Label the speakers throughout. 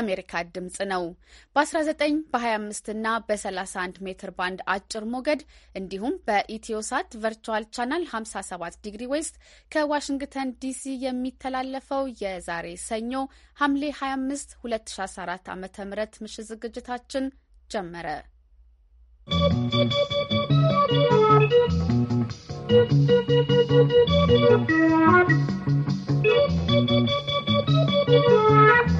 Speaker 1: የአሜሪካ ድምፅ ነው። በ19 በ25 እና በ31 ሜትር ባንድ አጭር ሞገድ እንዲሁም በኢትዮሳት ቨርቹዋል ቻናል 57 ዲግሪ ዌስት ከዋሽንግተን ዲሲ የሚተላለፈው የዛሬ ሰኞ ሐምሌ 25 2014 ዓ ም ምሽት ዝግጅታችን ጀመረ። ¶¶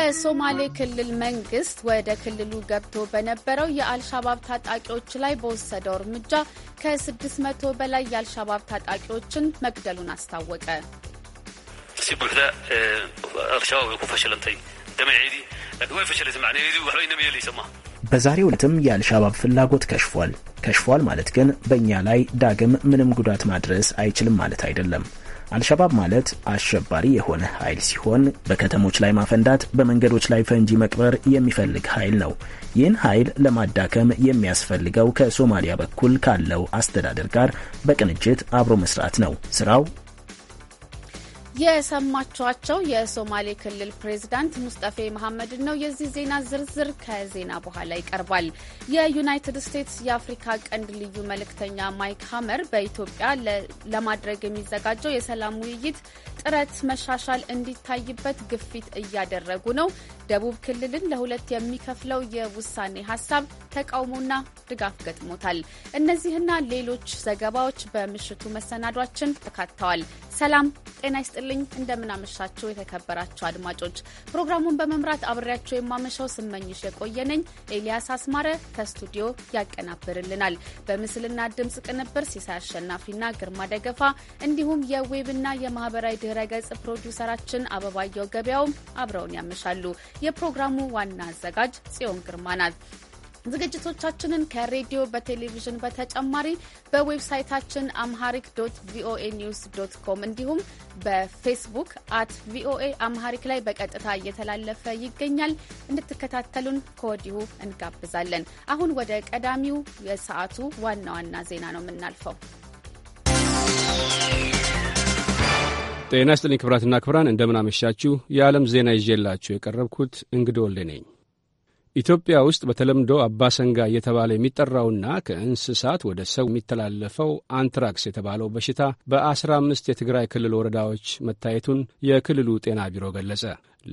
Speaker 1: የሶማሌ ክልል መንግስት ወደ ክልሉ ገብቶ በነበረው የአልሻባብ ታጣቂዎች ላይ በወሰደው እርምጃ ከ600 በላይ የአልሻባብ ታጣቂዎችን መግደሉን አስታወቀ።
Speaker 2: በዛሬው ዕለትም የአልሻባብ ፍላጎት ከሽፏል። ከሽፏል ማለት ግን በእኛ ላይ ዳግም ምንም ጉዳት ማድረስ አይችልም ማለት አይደለም። አልሸባብ ማለት አሸባሪ የሆነ ኃይል ሲሆን በከተሞች ላይ ማፈንዳት፣ በመንገዶች ላይ ፈንጂ መቅበር የሚፈልግ ኃይል ነው። ይህን ኃይል ለማዳከም የሚያስፈልገው ከሶማሊያ በኩል ካለው አስተዳደር ጋር በቅንጅት አብሮ መስራት ነው።
Speaker 3: ስራው
Speaker 1: የሰማችኋቸው የሶማሌ ክልል ፕሬዝዳንት ሙስጠፌ መሐመድ ነው። የዚህ ዜና ዝርዝር ከዜና በኋላ ይቀርባል። የዩናይትድ ስቴትስ የአፍሪካ ቀንድ ልዩ መልእክተኛ ማይክ ሀመር በኢትዮጵያ ለማድረግ የሚዘጋጀው የሰላም ውይይት ጥረት መሻሻል እንዲታይበት ግፊት እያደረጉ ነው። ደቡብ ክልልን ለሁለት የሚከፍለው የውሳኔ ሀሳብ ተቃውሞና ድጋፍ ገጥሞታል። እነዚህና ሌሎች ዘገባዎች በምሽቱ መሰናዷችን ተካተዋል። ሰላም ጤና ይስጥልኝ። እንደምናመሻቸው የተከበራቸው አድማጮች፣ ፕሮግራሙን በመምራት አብሬያቸው የማመሻው ስመኝሽ የቆየነኝ። ኤልያስ አስማረ ከስቱዲዮ ያቀናብርልናል። በምስልና ድምፅ ቅንብር ሲሳይ አሸናፊና ግርማ ደገፋ እንዲሁም የዌብና የማህበራዊ ድህ ድረገጽ ፕሮዲውሰራችን አበባየው ገበያውም አብረውን ያመሻሉ። የፕሮግራሙ ዋና አዘጋጅ ጽዮን ግርማ ናት። ዝግጅቶቻችንን ከሬዲዮ በቴሌቪዥን በተጨማሪ በዌብሳይታችን አምሃሪክ ዶት ቪኦኤ ኒውስ ዶት ኮም እንዲሁም በፌስቡክ አት ቪኦኤ አምሃሪክ ላይ በቀጥታ እየተላለፈ ይገኛል። እንድትከታተሉን ከወዲሁ እንጋብዛለን። አሁን ወደ ቀዳሚው የሰዓቱ ዋና ዋና ዜና ነው የምናልፈው።
Speaker 4: ጤና ይስጥልኝ ክብራትና ክብራን፣ እንደምናመሻችሁ። የዓለም ዜና ይዤላችሁ የቀረብኩት እንግዶ ወልዴ ነኝ። ኢትዮጵያ ውስጥ በተለምዶ አባሰንጋ እየተባለ የሚጠራውና ከእንስሳት ወደ ሰው የሚተላለፈው አንትራክስ የተባለው በሽታ በአስራ አምስት የትግራይ ክልል ወረዳዎች መታየቱን የክልሉ ጤና ቢሮ ገለጸ።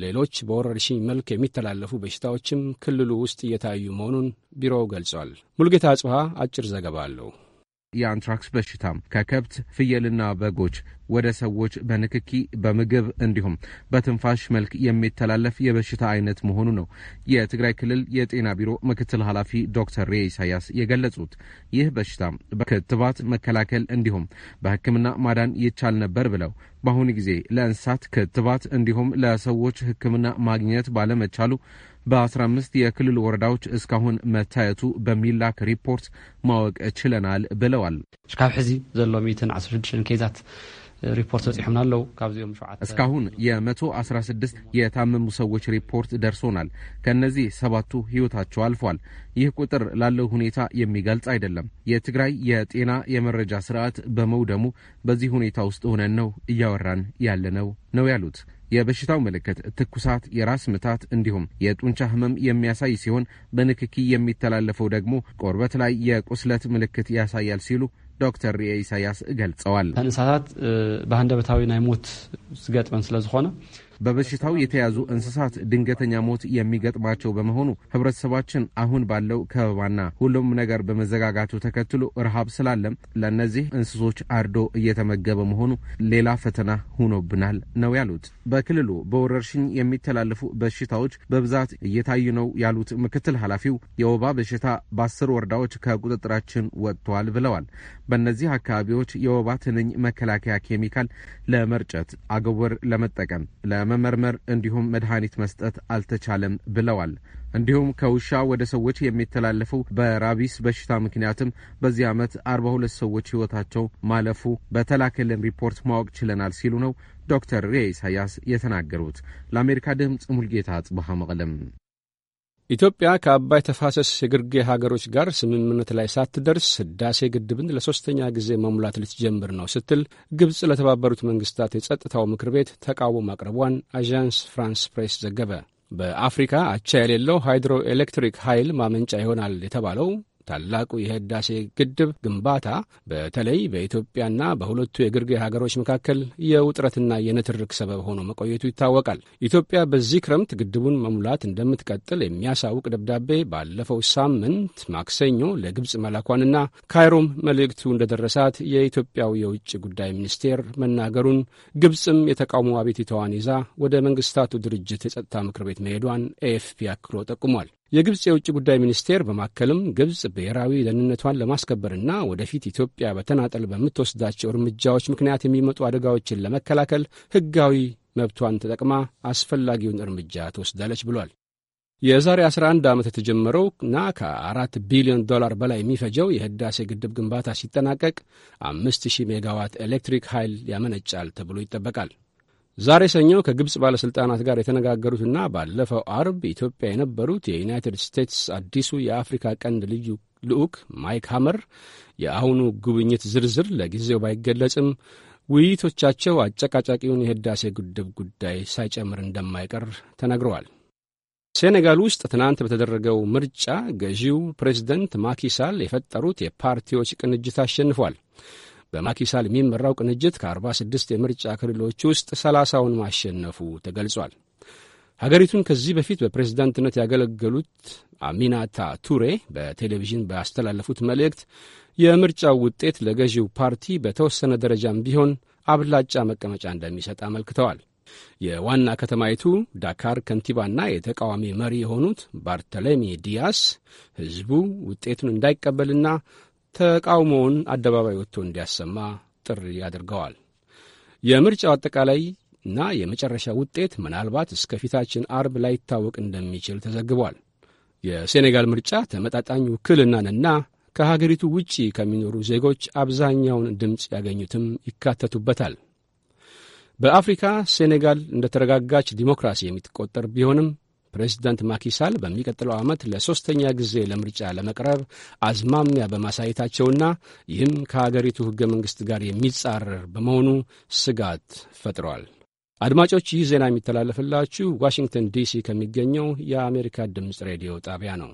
Speaker 4: ሌሎች በወረርሽኝ መልክ የሚተላለፉ በሽታዎችም ክልሉ ውስጥ እየታዩ መሆኑን ቢሮው ገልጿል። ሙልጌታ አጽብሃ አጭር ዘገባ አለው።
Speaker 5: የአንትራክስ በሽታም ከከብት ፍየልና በጎች ወደ ሰዎች በንክኪ በምግብ እንዲሁም በትንፋሽ መልክ የሚተላለፍ የበሽታ አይነት መሆኑ ነው የትግራይ ክልል የጤና ቢሮ ምክትል ኃላፊ ዶክተር ሬ ኢሳያስ የገለጹት። ይህ በሽታ በክትባት መከላከል እንዲሁም በሕክምና ማዳን ይቻል ነበር ብለው በአሁኑ ጊዜ ለእንስሳት ክትባት እንዲሁም ለሰዎች ሕክምና ማግኘት ባለመቻሉ በ15 የክልል ወረዳዎች እስካሁን መታየቱ በሚላክ ሪፖርት ማወቅ ችለናል ብለዋል። እስካብ ሕዚ ዘሎ 116 ኬዛት ሪፖርት ተፂሑምና ኣለው ካብዚኦም ሸዓተ እስካሁን የ116 የታመሙ ሰዎች ሪፖርት ደርሶናል። ከእነዚህ ሰባቱ ህይወታቸው አልፏል። ይህ ቁጥር ላለው ሁኔታ የሚገልጽ አይደለም። የትግራይ የጤና የመረጃ ስርዓት በመውደሙ በዚህ ሁኔታ ውስጥ ሆነን ነው እያወራን ያለነው ነው ያሉት። የበሽታው ምልክት ትኩሳት፣ የራስ ምታት እንዲሁም የጡንቻ ህመም የሚያሳይ ሲሆን በንክኪ የሚተላለፈው ደግሞ ቆርበት ላይ የቁስለት ምልክት ያሳያል ሲሉ ዶክተር ኢሳያስ ገልጸዋል። ተንሳታት በአንደበታዊ ናይ ሞት ዝገጥመን ስለዝኾነ በበሽታው የተያዙ እንስሳት ድንገተኛ ሞት የሚገጥማቸው በመሆኑ ህብረተሰባችን አሁን ባለው ከበባና ሁሉም ነገር በመዘጋጋቱ ተከትሎ ረሃብ ስላለም ለእነዚህ እንስሶች አርዶ እየተመገበ መሆኑ ሌላ ፈተና ሆኖብናል ነው ያሉት። በክልሉ በወረርሽኝ የሚተላለፉ በሽታዎች በብዛት እየታዩ ነው ያሉት ምክትል ኃላፊው የወባ በሽታ በአስር ወረዳዎች ከቁጥጥራችን ወጥተዋል ብለዋል። በእነዚህ አካባቢዎች የወባ ትንኝ መከላከያ ኬሚካል ለመርጨት አገወር ለመጠቀም ለመመርመር እንዲሁም መድኃኒት መስጠት አልተቻለም ብለዋል። እንዲሁም ከውሻ ወደ ሰዎች የሚተላለፉ በራቢስ በሽታ ምክንያትም በዚህ ዓመት አርባ ሁለት ሰዎች ሕይወታቸው ማለፉ በተላከልን ሪፖርት ማወቅ ችለናል ሲሉ ነው ዶክተር ሬ ኢሳያስ የተናገሩት። ለአሜሪካ ድምፅ ሙልጌታ አጽብሃ መቅለም
Speaker 4: ኢትዮጵያ ከአባይ ተፋሰስ የግርጌ ሀገሮች ጋር ስምምነት ላይ ሳትደርስ ህዳሴ ግድብን ለሦስተኛ ጊዜ መሙላት ልትጀምር ነው ስትል ግብፅ ለተባበሩት መንግስታት የጸጥታው ምክር ቤት ተቃውሞ ማቅረቧን አዣንስ ፍራንስ ፕሬስ ዘገበ። በአፍሪካ አቻ የሌለው ሃይድሮ ኤሌክትሪክ ኃይል ማመንጫ ይሆናል የተባለው ታላቁ የህዳሴ ግድብ ግንባታ በተለይ በኢትዮጵያና በሁለቱ የግርጌ ሀገሮች መካከል የውጥረትና የንትርክ ሰበብ ሆኖ መቆየቱ ይታወቃል። ኢትዮጵያ በዚህ ክረምት ግድቡን መሙላት እንደምትቀጥል የሚያሳውቅ ደብዳቤ ባለፈው ሳምንት ማክሰኞ ለግብፅ መላኳንና ካይሮም መልእክቱ እንደደረሳት የኢትዮጵያው የውጭ ጉዳይ ሚኒስቴር መናገሩን ግብፅም የተቃውሞ አቤቱታዋን ይዛ ወደ መንግስታቱ ድርጅት የጸጥታ ምክር ቤት መሄዷን ኤኤፍፒ አክሎ ጠቁሟል። የግብፅ የውጭ ጉዳይ ሚኒስቴር በማከልም ግብፅ ብሔራዊ ደህንነቷን ለማስከበርና ወደፊት ኢትዮጵያ በተናጠል በምትወስዳቸው እርምጃዎች ምክንያት የሚመጡ አደጋዎችን ለመከላከል ሕጋዊ መብቷን ተጠቅማ አስፈላጊውን እርምጃ ትወስዳለች ብሏል። የዛሬ 11 ዓመት የተጀመረውና ከ4 ቢሊዮን ዶላር በላይ የሚፈጀው የህዳሴ ግድብ ግንባታ ሲጠናቀቅ 5000 ሜጋዋት ኤሌክትሪክ ኃይል ያመነጫል ተብሎ ይጠበቃል። ዛሬ ሰኞ ከግብፅ ባለሥልጣናት ጋር የተነጋገሩትና ባለፈው አርብ ኢትዮጵያ የነበሩት የዩናይትድ ስቴትስ አዲሱ የአፍሪካ ቀንድ ልዩ ልዑክ ማይክ ሃመር የአሁኑ ጉብኝት ዝርዝር ለጊዜው ባይገለጽም ውይይቶቻቸው አጨቃጫቂውን የህዳሴ ግድብ ጉዳይ ሳይጨምር እንደማይቀር ተናግረዋል። ሴኔጋል ውስጥ ትናንት በተደረገው ምርጫ ገዢው ፕሬዚደንት ማኪሳል የፈጠሩት የፓርቲዎች ቅንጅት አሸንፏል። በማኪሳል የሚመራው ቅንጅት ከ46 የምርጫ ክልሎች ውስጥ 30ውን ማሸነፉ ተገልጿል። ሀገሪቱን ከዚህ በፊት በፕሬዝዳንትነት ያገለገሉት አሚናታ ቱሬ በቴሌቪዥን ባስተላለፉት መልእክት የምርጫው ውጤት ለገዢው ፓርቲ በተወሰነ ደረጃም ቢሆን አብላጫ መቀመጫ እንደሚሰጥ አመልክተዋል። የዋና ከተማይቱ ዳካር ከንቲባና የተቃዋሚ መሪ የሆኑት ባርተሌሚ ዲያስ ሕዝቡ ውጤቱን እንዳይቀበልና ተቃውሞውን አደባባይ ወጥቶ እንዲያሰማ ጥሪ አድርገዋል። የምርጫው አጠቃላይ እና የመጨረሻ ውጤት ምናልባት እስከ ፊታችን አርብ ላይታወቅ እንደሚችል ተዘግቧል። የሴኔጋል ምርጫ ተመጣጣኝ ውክልናንና ከሀገሪቱ ውጪ ከሚኖሩ ዜጎች አብዛኛውን ድምፅ ያገኙትም ይካተቱበታል። በአፍሪካ ሴኔጋል እንደ ተረጋጋች ዲሞክራሲ የሚትቆጠር ቢሆንም ፕሬዚዳንት ማኪሳል በሚቀጥለው ዓመት ለሦስተኛ ጊዜ ለምርጫ ለመቅረብ አዝማሚያ በማሳየታቸውና ይህም ከአገሪቱ ሕገ መንግሥት ጋር የሚጻረር በመሆኑ ስጋት ፈጥሯል። አድማጮች ይህ ዜና የሚተላለፍላችሁ ዋሽንግተን ዲሲ ከሚገኘው የአሜሪካ ድምፅ ሬዲዮ ጣቢያ ነው።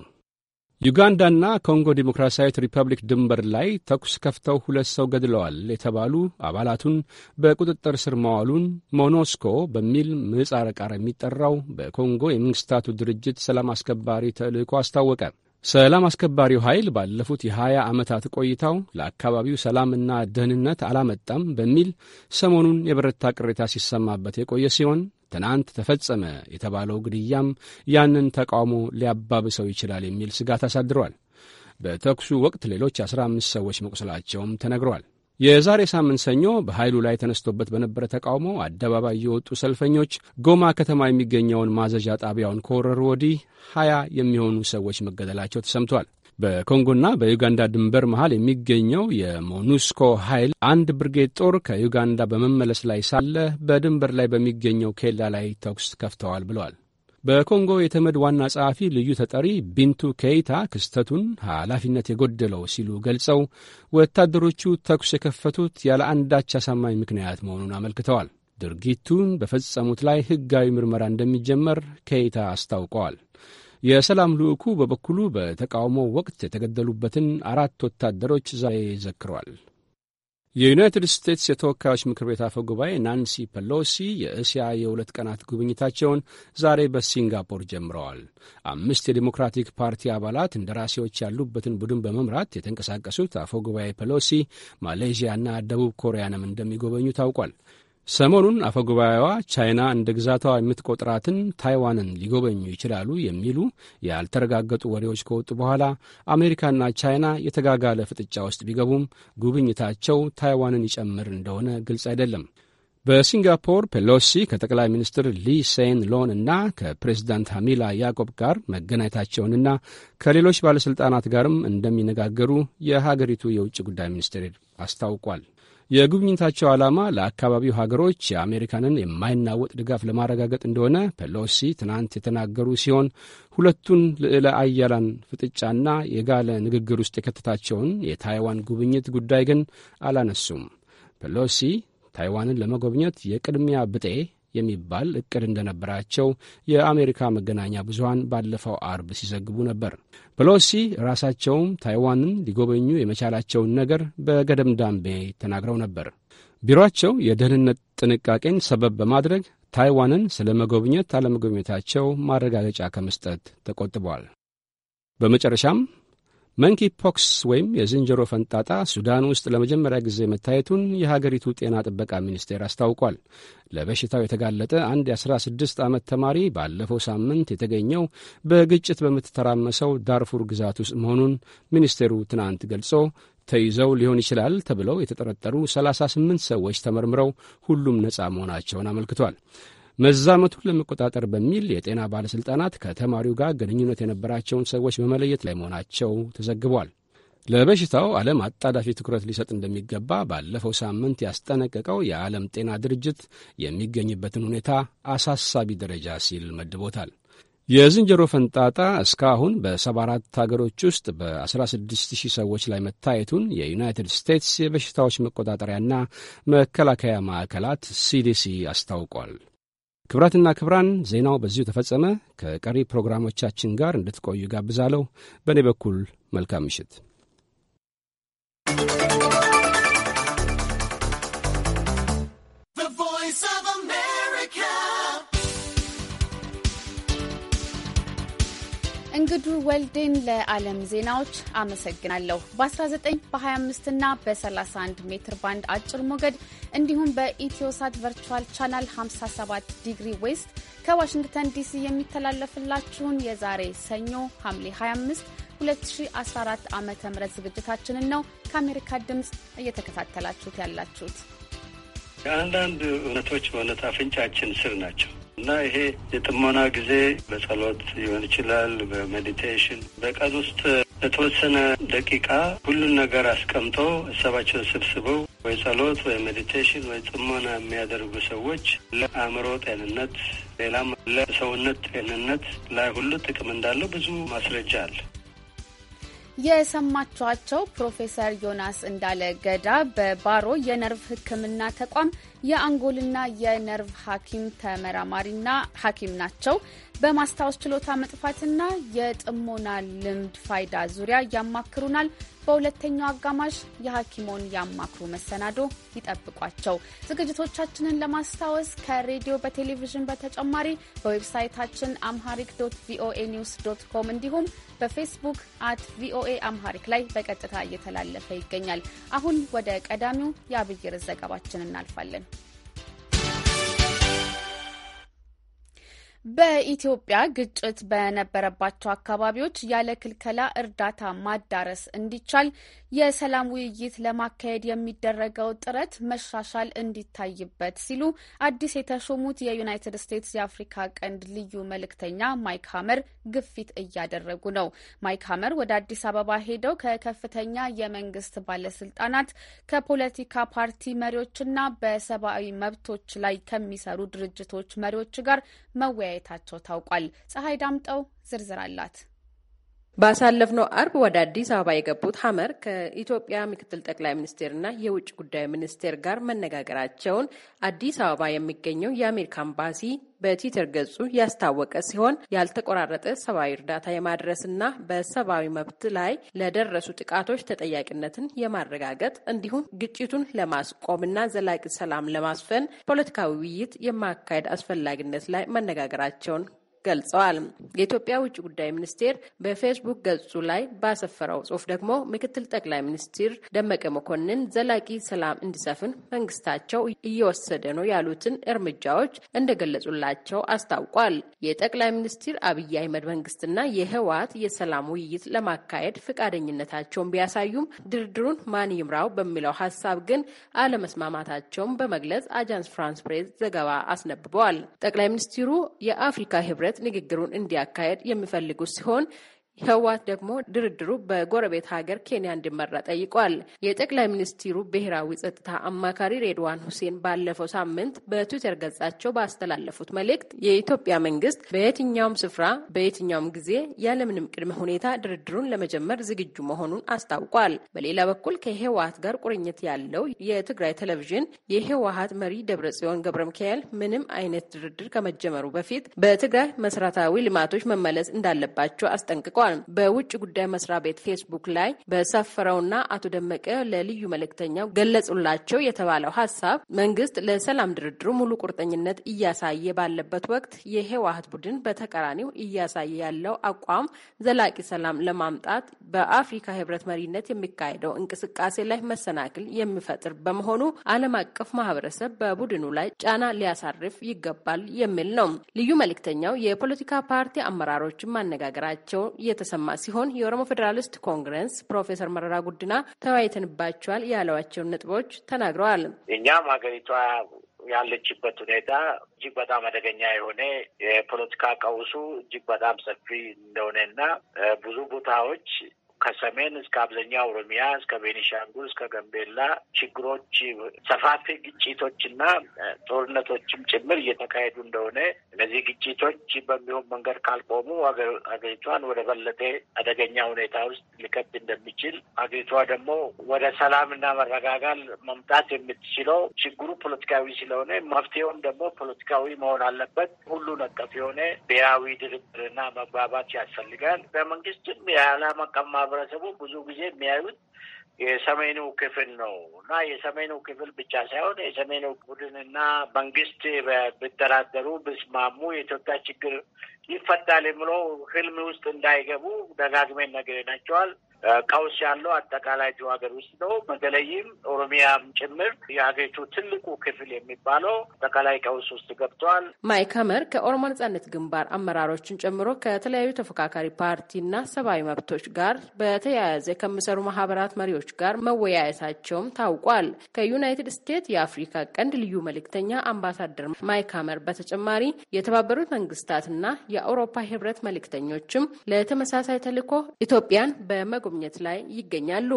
Speaker 4: ዩጋንዳና ኮንጎ ዲሞክራሲያዊት ሪፐብሊክ ድንበር ላይ ተኩስ ከፍተው ሁለት ሰው ገድለዋል የተባሉ አባላቱን በቁጥጥር ስር መዋሉን ሞኖስኮ በሚል ምህጻረ የሚጠራው በኮንጎ የመንግስታቱ ድርጅት ሰላም አስከባሪ ተልእኮ አስታወቀ። ሰላም አስከባሪው ኃይል ባለፉት የ20 ዓመታት ቆይታው ለአካባቢው ሰላምና ደህንነት አላመጣም በሚል ሰሞኑን የበረታ ቅሬታ ሲሰማበት የቆየ ሲሆን ትናንት ተፈጸመ የተባለው ግድያም ያንን ተቃውሞ ሊያባብሰው ይችላል የሚል ስጋት አሳድሯል። በተኩሱ ወቅት ሌሎች 15 ሰዎች መቁሰላቸውም ተነግሯል። የዛሬ ሳምንት ሰኞ በኃይሉ ላይ ተነስቶበት በነበረ ተቃውሞ አደባባይ የወጡ ሰልፈኞች ጎማ ከተማ የሚገኘውን ማዘዣ ጣቢያውን ከወረሩ ወዲህ ሀያ የሚሆኑ ሰዎች መገደላቸው ተሰምቷል። በኮንጎና በዩጋንዳ ድንበር መሃል የሚገኘው የሞኑስኮ ኃይል አንድ ብርጌድ ጦር ከዩጋንዳ በመመለስ ላይ ሳለ በድንበር ላይ በሚገኘው ኬላ ላይ ተኩስ ከፍተዋል ብለዋል። በኮንጎ የተመድ ዋና ጸሐፊ ልዩ ተጠሪ ቢንቱ ኬይታ ክስተቱን ኃላፊነት የጎደለው ሲሉ ገልጸው ወታደሮቹ ተኩስ የከፈቱት ያለ አንዳች አሳማኝ ምክንያት መሆኑን አመልክተዋል። ድርጊቱን በፈጸሙት ላይ ሕጋዊ ምርመራ እንደሚጀመር ኬይታ አስታውቀዋል። የሰላም ልዑኩ በበኩሉ በተቃውሞ ወቅት የተገደሉበትን አራት ወታደሮች ዛሬ ዘክሯል። የዩናይትድ ስቴትስ የተወካዮች ምክር ቤት አፈ ጉባኤ ናንሲ ፐሎሲ የእስያ የሁለት ቀናት ጉብኝታቸውን ዛሬ በሲንጋፖር ጀምረዋል። አምስት የዴሞክራቲክ ፓርቲ አባላት እንደራሴዎች ያሉበትን ቡድን በመምራት የተንቀሳቀሱት አፈ ጉባኤ ፐሎሲ ማሌዥያና ደቡብ ኮሪያንም እንደሚጎበኙ ታውቋል። ሰሞኑን አፈጉባኤዋ ቻይና እንደ ግዛቷ የምትቆጥራትን ታይዋንን ሊጎበኙ ይችላሉ የሚሉ ያልተረጋገጡ ወሬዎች ከወጡ በኋላ አሜሪካና ቻይና የተጋጋለ ፍጥጫ ውስጥ ቢገቡም ጉብኝታቸው ታይዋንን ይጨምር እንደሆነ ግልጽ አይደለም። በሲንጋፖር ፔሎሲ ከጠቅላይ ሚኒስትር ሊ ሴን ሎን እና ከፕሬዚዳንት ሐሚላ ያዕቆብ ጋር መገናኘታቸውንና ከሌሎች ባለሥልጣናት ጋርም እንደሚነጋገሩ የሀገሪቱ የውጭ ጉዳይ ሚኒስቴር አስታውቋል። የጉብኝታቸው ዓላማ ለአካባቢው ሀገሮች የአሜሪካንን የማይናወጥ ድጋፍ ለማረጋገጥ እንደሆነ ፔሎሲ ትናንት የተናገሩ ሲሆን ሁለቱን ልዕለ አያላን ፍጥጫና የጋለ ንግግር ውስጥ የከተታቸውን የታይዋን ጉብኝት ጉዳይ ግን አላነሱም። ፔሎሲ ታይዋንን ለመጎብኘት የቅድሚያ ብጤ የሚባል እቅድ እንደነበራቸው የአሜሪካ መገናኛ ብዙሀን ባለፈው አርብ ሲዘግቡ ነበር። ፔሎሲ ራሳቸውም ታይዋንን ሊጎበኙ የመቻላቸውን ነገር በገደም ዳምቤ ተናግረው ነበር። ቢሮአቸው የደህንነት ጥንቃቄን ሰበብ በማድረግ ታይዋንን ስለ መጎብኘት አለመጎብኘታቸው ማረጋገጫ ከመስጠት ተቆጥበዋል። በመጨረሻም መንኪ ፖክስ ወይም የዝንጀሮ ፈንጣጣ ሱዳን ውስጥ ለመጀመሪያ ጊዜ መታየቱን የሀገሪቱ ጤና ጥበቃ ሚኒስቴር አስታውቋል። ለበሽታው የተጋለጠ አንድ የ16 ዓመት ተማሪ ባለፈው ሳምንት የተገኘው በግጭት በምትተራመሰው ዳርፉር ግዛት ውስጥ መሆኑን ሚኒስቴሩ ትናንት ገልጾ ተይዘው ሊሆን ይችላል ተብለው የተጠረጠሩ 38 ሰዎች ተመርምረው ሁሉም ነፃ መሆናቸውን አመልክቷል። መዛመቱን ለመቆጣጠር በሚል የጤና ባለሥልጣናት ከተማሪው ጋር ግንኙነት የነበራቸውን ሰዎች በመለየት ላይ መሆናቸው ተዘግቧል። ለበሽታው ዓለም አጣዳፊ ትኩረት ሊሰጥ እንደሚገባ ባለፈው ሳምንት ያስጠነቀቀው የዓለም ጤና ድርጅት የሚገኝበትን ሁኔታ አሳሳቢ ደረጃ ሲል መድቦታል። የዝንጀሮ ፈንጣጣ እስካሁን በ74 ሀገሮች ውስጥ በ16000 ሰዎች ላይ መታየቱን የዩናይትድ ስቴትስ የበሽታዎች መቆጣጠሪያና መከላከያ ማዕከላት ሲዲሲ አስታውቋል። ክብራትና ክብራን ዜናው በዚሁ ተፈጸመ። ከቀሪ ፕሮግራሞቻችን ጋር እንድትቆዩ ጋብዛለሁ። በእኔ በኩል መልካም ምሽት።
Speaker 1: እንግዱ ወልዴን ለዓለም ዜናዎች አመሰግናለሁ። በ19 በ25 እና በ31 ሜትር ባንድ አጭር ሞገድ እንዲሁም በኢትዮሳት ቨርቹዋል ቻናል 57 ዲግሪ ዌስት ከዋሽንግተን ዲሲ የሚተላለፍላችሁን የዛሬ ሰኞ ሐምሌ 25 2014 ዓ ም ዝግጅታችንን ነው ከአሜሪካ ድምፅ እየተከታተላችሁት ያላችሁት።
Speaker 6: አንዳንድ እውነቶች በእውነት አፍንጫችን ስር ናቸው። እና ይሄ የጥሞና ጊዜ በጸሎት ሊሆን ይችላል፣ በሜዲቴሽን በቀን ውስጥ ለተወሰነ ደቂቃ ሁሉን ነገር አስቀምጦ ሀሳባቸውን ሰብስበው ወይ ጸሎት ወይ ሜዲቴሽን ወይ ጥሞና የሚያደርጉ ሰዎች ለአእምሮ ጤንነት፣ ሌላም ለሰውነት ጤንነት ላይ ሁሉ ጥቅም እንዳለው ብዙ ማስረጃ አለ።
Speaker 1: የሰማችኋቸው ፕሮፌሰር ዮናስ እንዳለ ገዳ በባሮ የነርቭ ሕክምና ተቋም የአንጎልና የነርቭ ሐኪም ተመራማሪና ሐኪም ናቸው። በማስታወስ ችሎታ መጥፋትና የጥሞና ልምድ ፋይዳ ዙሪያ ያማክሩናል። በሁለተኛው አጋማሽ የሐኪሞን ያማክሩ መሰናዶ ይጠብቋቸው። ዝግጅቶቻችንን ለማስታወስ ከሬዲዮ በቴሌቪዥን በተጨማሪ በዌብሳይታችን አምሃሪክ ዶት ቪኦኤ ኒውስ ዶት ኮም እንዲሁም በፌስቡክ አት ቪኦኤ አምሃሪክ ላይ በቀጥታ እየተላለፈ ይገኛል። አሁን ወደ ቀዳሚው የአብይር ዘገባችን እናልፋለን። በኢትዮጵያ ግጭት በነበረባቸው አካባቢዎች ያለ ክልከላ እርዳታ ማዳረስ እንዲቻል የሰላም ውይይት ለማካሄድ የሚደረገው ጥረት መሻሻል እንዲታይበት ሲሉ አዲስ የተሾሙት የዩናይትድ ስቴትስ የአፍሪካ ቀንድ ልዩ መልእክተኛ ማይክ ሀመር ግፊት እያደረጉ ነው። ማይክ ሀመር ወደ አዲስ አበባ ሄደው ከከፍተኛ የመንግስት ባለስልጣናት፣ ከፖለቲካ ፓርቲ መሪዎችና በሰብአዊ መብቶች ላይ ከሚሰሩ ድርጅቶች መሪዎች ጋር መወያየታቸው ታውቋል። ፀሐይ ዳምጠው ዝርዝር አላት።
Speaker 7: ባሳለፍነው አርብ ወደ አዲስ አበባ የገቡት ሀመር ከኢትዮጵያ ምክትል ጠቅላይ ሚኒስቴርና የውጭ ጉዳይ ሚኒስቴር ጋር መነጋገራቸውን አዲስ አበባ የሚገኘው የአሜሪካ ኤምባሲ በትዊተር ገጹ ያስታወቀ ሲሆን ያልተቆራረጠ ሰብአዊ እርዳታ የማድረስና በሰብአዊ መብት ላይ ለደረሱ ጥቃቶች ተጠያቂነትን የማረጋገጥ እንዲሁም ግጭቱን ለማስቆምና ዘላቂ ሰላም ለማስፈን ፖለቲካዊ ውይይት የማካሄድ አስፈላጊነት ላይ መነጋገራቸውን ገልጸዋል። የኢትዮጵያ ውጭ ጉዳይ ሚኒስቴር በፌስቡክ ገጹ ላይ ባሰፈረው ጽሁፍ ደግሞ ምክትል ጠቅላይ ሚኒስትር ደመቀ መኮንን ዘላቂ ሰላም እንዲሰፍን መንግስታቸው እየወሰደ ነው ያሉትን እርምጃዎች እንደገለጹላቸው አስታውቋል። የጠቅላይ ሚኒስትር አብይ አህመድ መንግስትና የህወሓት የሰላም ውይይት ለማካሄድ ፈቃደኝነታቸውን ቢያሳዩም ድርድሩን ማን ይምራው በሚለው ሀሳብ ግን አለመስማማታቸውን በመግለጽ አጃንስ ፍራንስ ፕሬስ ዘገባ አስነብበዋል። ጠቅላይ ሚኒስትሩ የአፍሪካ ህብረት ንግግሩን እንዲያካሄድ የሚፈልጉ ሲሆን ህወሓት ደግሞ ድርድሩ በጎረቤት ሀገር ኬንያ እንዲመራ ጠይቋል። የጠቅላይ ሚኒስትሩ ብሔራዊ ጸጥታ አማካሪ ሬድዋን ሁሴን ባለፈው ሳምንት በትዊተር ገጻቸው ባስተላለፉት መልእክት የኢትዮጵያ መንግስት በየትኛውም ስፍራ በየትኛውም ጊዜ ያለምንም ቅድመ ሁኔታ ድርድሩን ለመጀመር ዝግጁ መሆኑን አስታውቋል። በሌላ በኩል ከህወሓት ጋር ቁርኝት ያለው የትግራይ ቴሌቪዥን የህወሓት መሪ ደብረጽዮን ገብረ ሚካኤል ምንም አይነት ድርድር ከመጀመሩ በፊት በትግራይ መሰረታዊ ልማቶች መመለስ እንዳለባቸው አስጠንቅቋል። አስታውቀዋል። በውጭ ጉዳይ መስሪያ ቤት ፌስቡክ ላይ በሰፈረውና አቶ ደመቀ ለልዩ መልእክተኛው ገለጹላቸው የተባለው ሀሳብ መንግስት ለሰላም ድርድሩ ሙሉ ቁርጠኝነት እያሳየ ባለበት ወቅት የህወሀት ቡድን በተቃራኒው እያሳየ ያለው አቋም ዘላቂ ሰላም ለማምጣት በአፍሪካ ህብረት መሪነት የሚካሄደው እንቅስቃሴ ላይ መሰናክል የሚፈጥር በመሆኑ ዓለም አቀፍ ማህበረሰብ በቡድኑ ላይ ጫና ሊያሳርፍ ይገባል የሚል ነው። ልዩ መልእክተኛው የፖለቲካ ፓርቲ አመራሮችን ማነጋገራቸው እየተሰማ ሲሆን የኦሮሞ ፌዴራሊስት ኮንግረስ ፕሮፌሰር መረራ ጉድና ተወያይተንባቸዋል ያለዋቸውን ነጥቦች ተናግረዋል።
Speaker 8: እኛም ሀገሪቷ ያለችበት ሁኔታ እጅግ በጣም አደገኛ የሆነ የፖለቲካ ቀውሱ እጅግ በጣም ሰፊ እንደሆነ እና ብዙ ቦታዎች ከሰሜን እስከ አብዛኛው ኦሮሚያ እስከ ቤኒሻንጉል እስከ ገንቤላ ችግሮች፣ ሰፋፊ ግጭቶችና ጦርነቶችም ጭምር እየተካሄዱ እንደሆነ እነዚህ ግጭቶች በሚሆን መንገድ ካልቆሙ አገሪቷን ወደ በለጠ አደገኛ ሁኔታ ውስጥ ሊከት እንደሚችል አገሪቷ ደግሞ ወደ ሰላምና መረጋጋል መምጣት የምትችለው ችግሩ ፖለቲካዊ ስለሆነ መፍትሄውም ደግሞ ፖለቲካዊ መሆን አለበት። ሁሉን አቀፍ የሆነ ብሔራዊ ድርድርና መግባባት ያስፈልጋል። በመንግስትም የዓላማ ቀማ ማህበረሰቡ ብዙ ጊዜ የሚያዩት የሰሜኑ ክፍል ነው እና የሰሜኑ ክፍል ብቻ ሳይሆን የሰሜኑ ቡድን ቡድንና መንግስት ብተራደሩ ብስማሙ የኢትዮጵያ ችግር ይፈታል የምለው ህልም ውስጥ እንዳይገቡ ደጋግሜ ናቸዋል። ቀውስ ያለው አጠቃላይ ሀገር ውስጥ ነው። በተለይም ኦሮሚያም ጭምር የሀገሪቱ ትልቁ ክፍል የሚባለው አጠቃላይ ቀውስ ውስጥ ገብቷል።
Speaker 7: ማይክ ሀመር ከኦሮሞ ነጻነት ግንባር አመራሮችን ጨምሮ ከተለያዩ ተፎካካሪ ፓርቲና ሰብአዊ መብቶች ጋር በተያያዘ ከሚሰሩ ማህበራት መሪዎች ጋር መወያየታቸውም ታውቋል። ከዩናይትድ ስቴትስ የአፍሪካ ቀንድ ልዩ መልእክተኛ አምባሳደር ማይክ ሀመር በተጨማሪ የተባበሩት መንግስታትና የአውሮፓ ህብረት መልእክተኞችም ለተመሳሳይ ተልዕኮ ኢትዮጵያን በመጎ በመጎብኘት ላይ ይገኛሉ።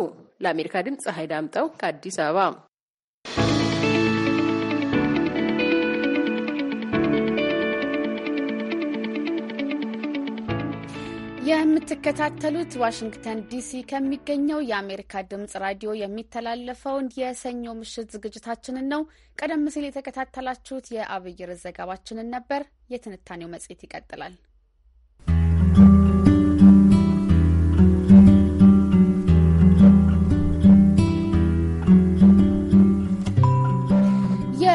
Speaker 7: ለአሜሪካ ድምፅ ፀሐይ ዳምጠው ከአዲስ አበባ።
Speaker 1: የምትከታተሉት ዋሽንግተን ዲሲ ከሚገኘው የአሜሪካ ድምጽ ራዲዮ የሚተላለፈውን የሰኞ ምሽት ዝግጅታችንን ነው። ቀደም ሲል የተከታተላችሁት የአብይር ዘገባችንን ነበር። የትንታኔው መጽሔት ይቀጥላል።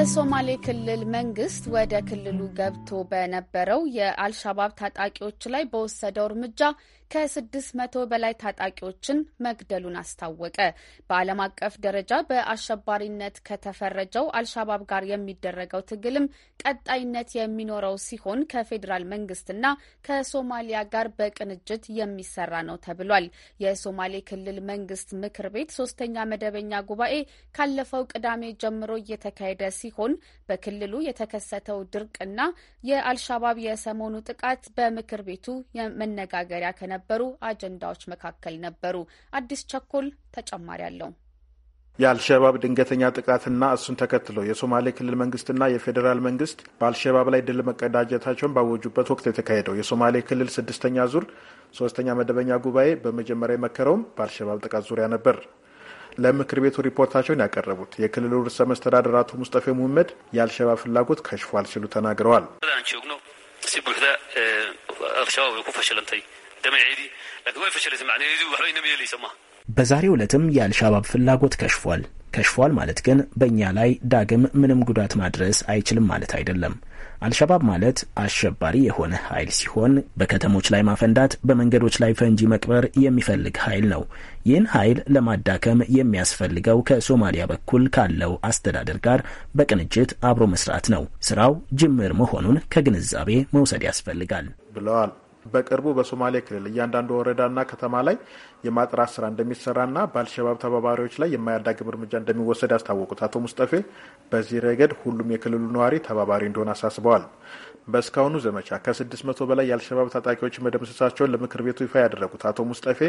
Speaker 1: የሶማሌ ክልል መንግስት ወደ ክልሉ ገብቶ በነበረው የአልሻባብ ታጣቂዎች ላይ በወሰደው እርምጃ ከስድስት መቶ በላይ ታጣቂዎችን መግደሉን አስታወቀ። በዓለም አቀፍ ደረጃ በአሸባሪነት ከተፈረጀው አልሻባብ ጋር የሚደረገው ትግልም ቀጣይነት የሚኖረው ሲሆን ከፌዴራል መንግስትና ከሶማሊያ ጋር በቅንጅት የሚሰራ ነው ተብሏል። የሶማሌ ክልል መንግስት ምክር ቤት ሶስተኛ መደበኛ ጉባኤ ካለፈው ቅዳሜ ጀምሮ እየተካሄደ ሲ ሲሆን በክልሉ የተከሰተው ድርቅና የአልሻባብ የሰሞኑ ጥቃት በምክር ቤቱ መነጋገሪያ ከነበሩ አጀንዳዎች መካከል ነበሩ። አዲስ ቸኮል ተጨማሪ አለው።
Speaker 3: የአልሸባብ ድንገተኛ ጥቃትና እሱን ተከትሎ የሶማሌ ክልል መንግስትና የፌዴራል መንግስት በአልሸባብ ላይ ድል መቀዳጀታቸውን ባወጁበት ወቅት የተካሄደው የሶማሌ ክልል ስድስተኛ ዙር ሶስተኛ መደበኛ ጉባኤ በመጀመሪያ የመከረውም በአልሸባብ ጥቃት ዙሪያ ነበር። ለምክር ቤቱ ሪፖርታቸውን ያቀረቡት የክልሉ ርዕሰ መስተዳደር አቶ ሙስጠፌ ሙህመድ የአልሸባብ ፍላጎት ከሽፏል ሲሉ ተናግረዋል። በዛሬው
Speaker 2: ዕለትም የአልሻባብ ፍላጎት ከሽፏል። ከሽፏል ማለት ግን በእኛ ላይ ዳግም ምንም ጉዳት ማድረስ አይችልም ማለት አይደለም። አልሸባብ ማለት አሸባሪ የሆነ ኃይል ሲሆን በከተሞች ላይ ማፈንዳት፣ በመንገዶች ላይ ፈንጂ መቅበር የሚፈልግ ኃይል ነው። ይህን ኃይል ለማዳከም የሚያስፈልገው ከሶማሊያ በኩል ካለው አስተዳደር ጋር በቅንጅት አብሮ መስራት ነው። ስራው ጅምር መሆኑን ከግንዛቤ መውሰድ ያስፈልጋል
Speaker 3: ብለዋል። በቅርቡ በሶማሌ ክልል እያንዳንዱ ወረዳና ከተማ ላይ የማጥራት ስራ እንደሚሰራና በአልሸባብ ተባባሪዎች ላይ የማያዳግም እርምጃ እንደሚወሰድ ያስታወቁት አቶ ሙስጠፌ በዚህ ረገድ ሁሉም የክልሉ ነዋሪ ተባባሪ እንደሆነ አሳስበዋል። በእስካሁኑ ዘመቻ ከ መቶ በላይ የአልሸባብ ታጣቂዎች መደምሰሳቸውን ለምክር ቤቱ ይፋ ያደረጉት አቶ ሙስጠፌ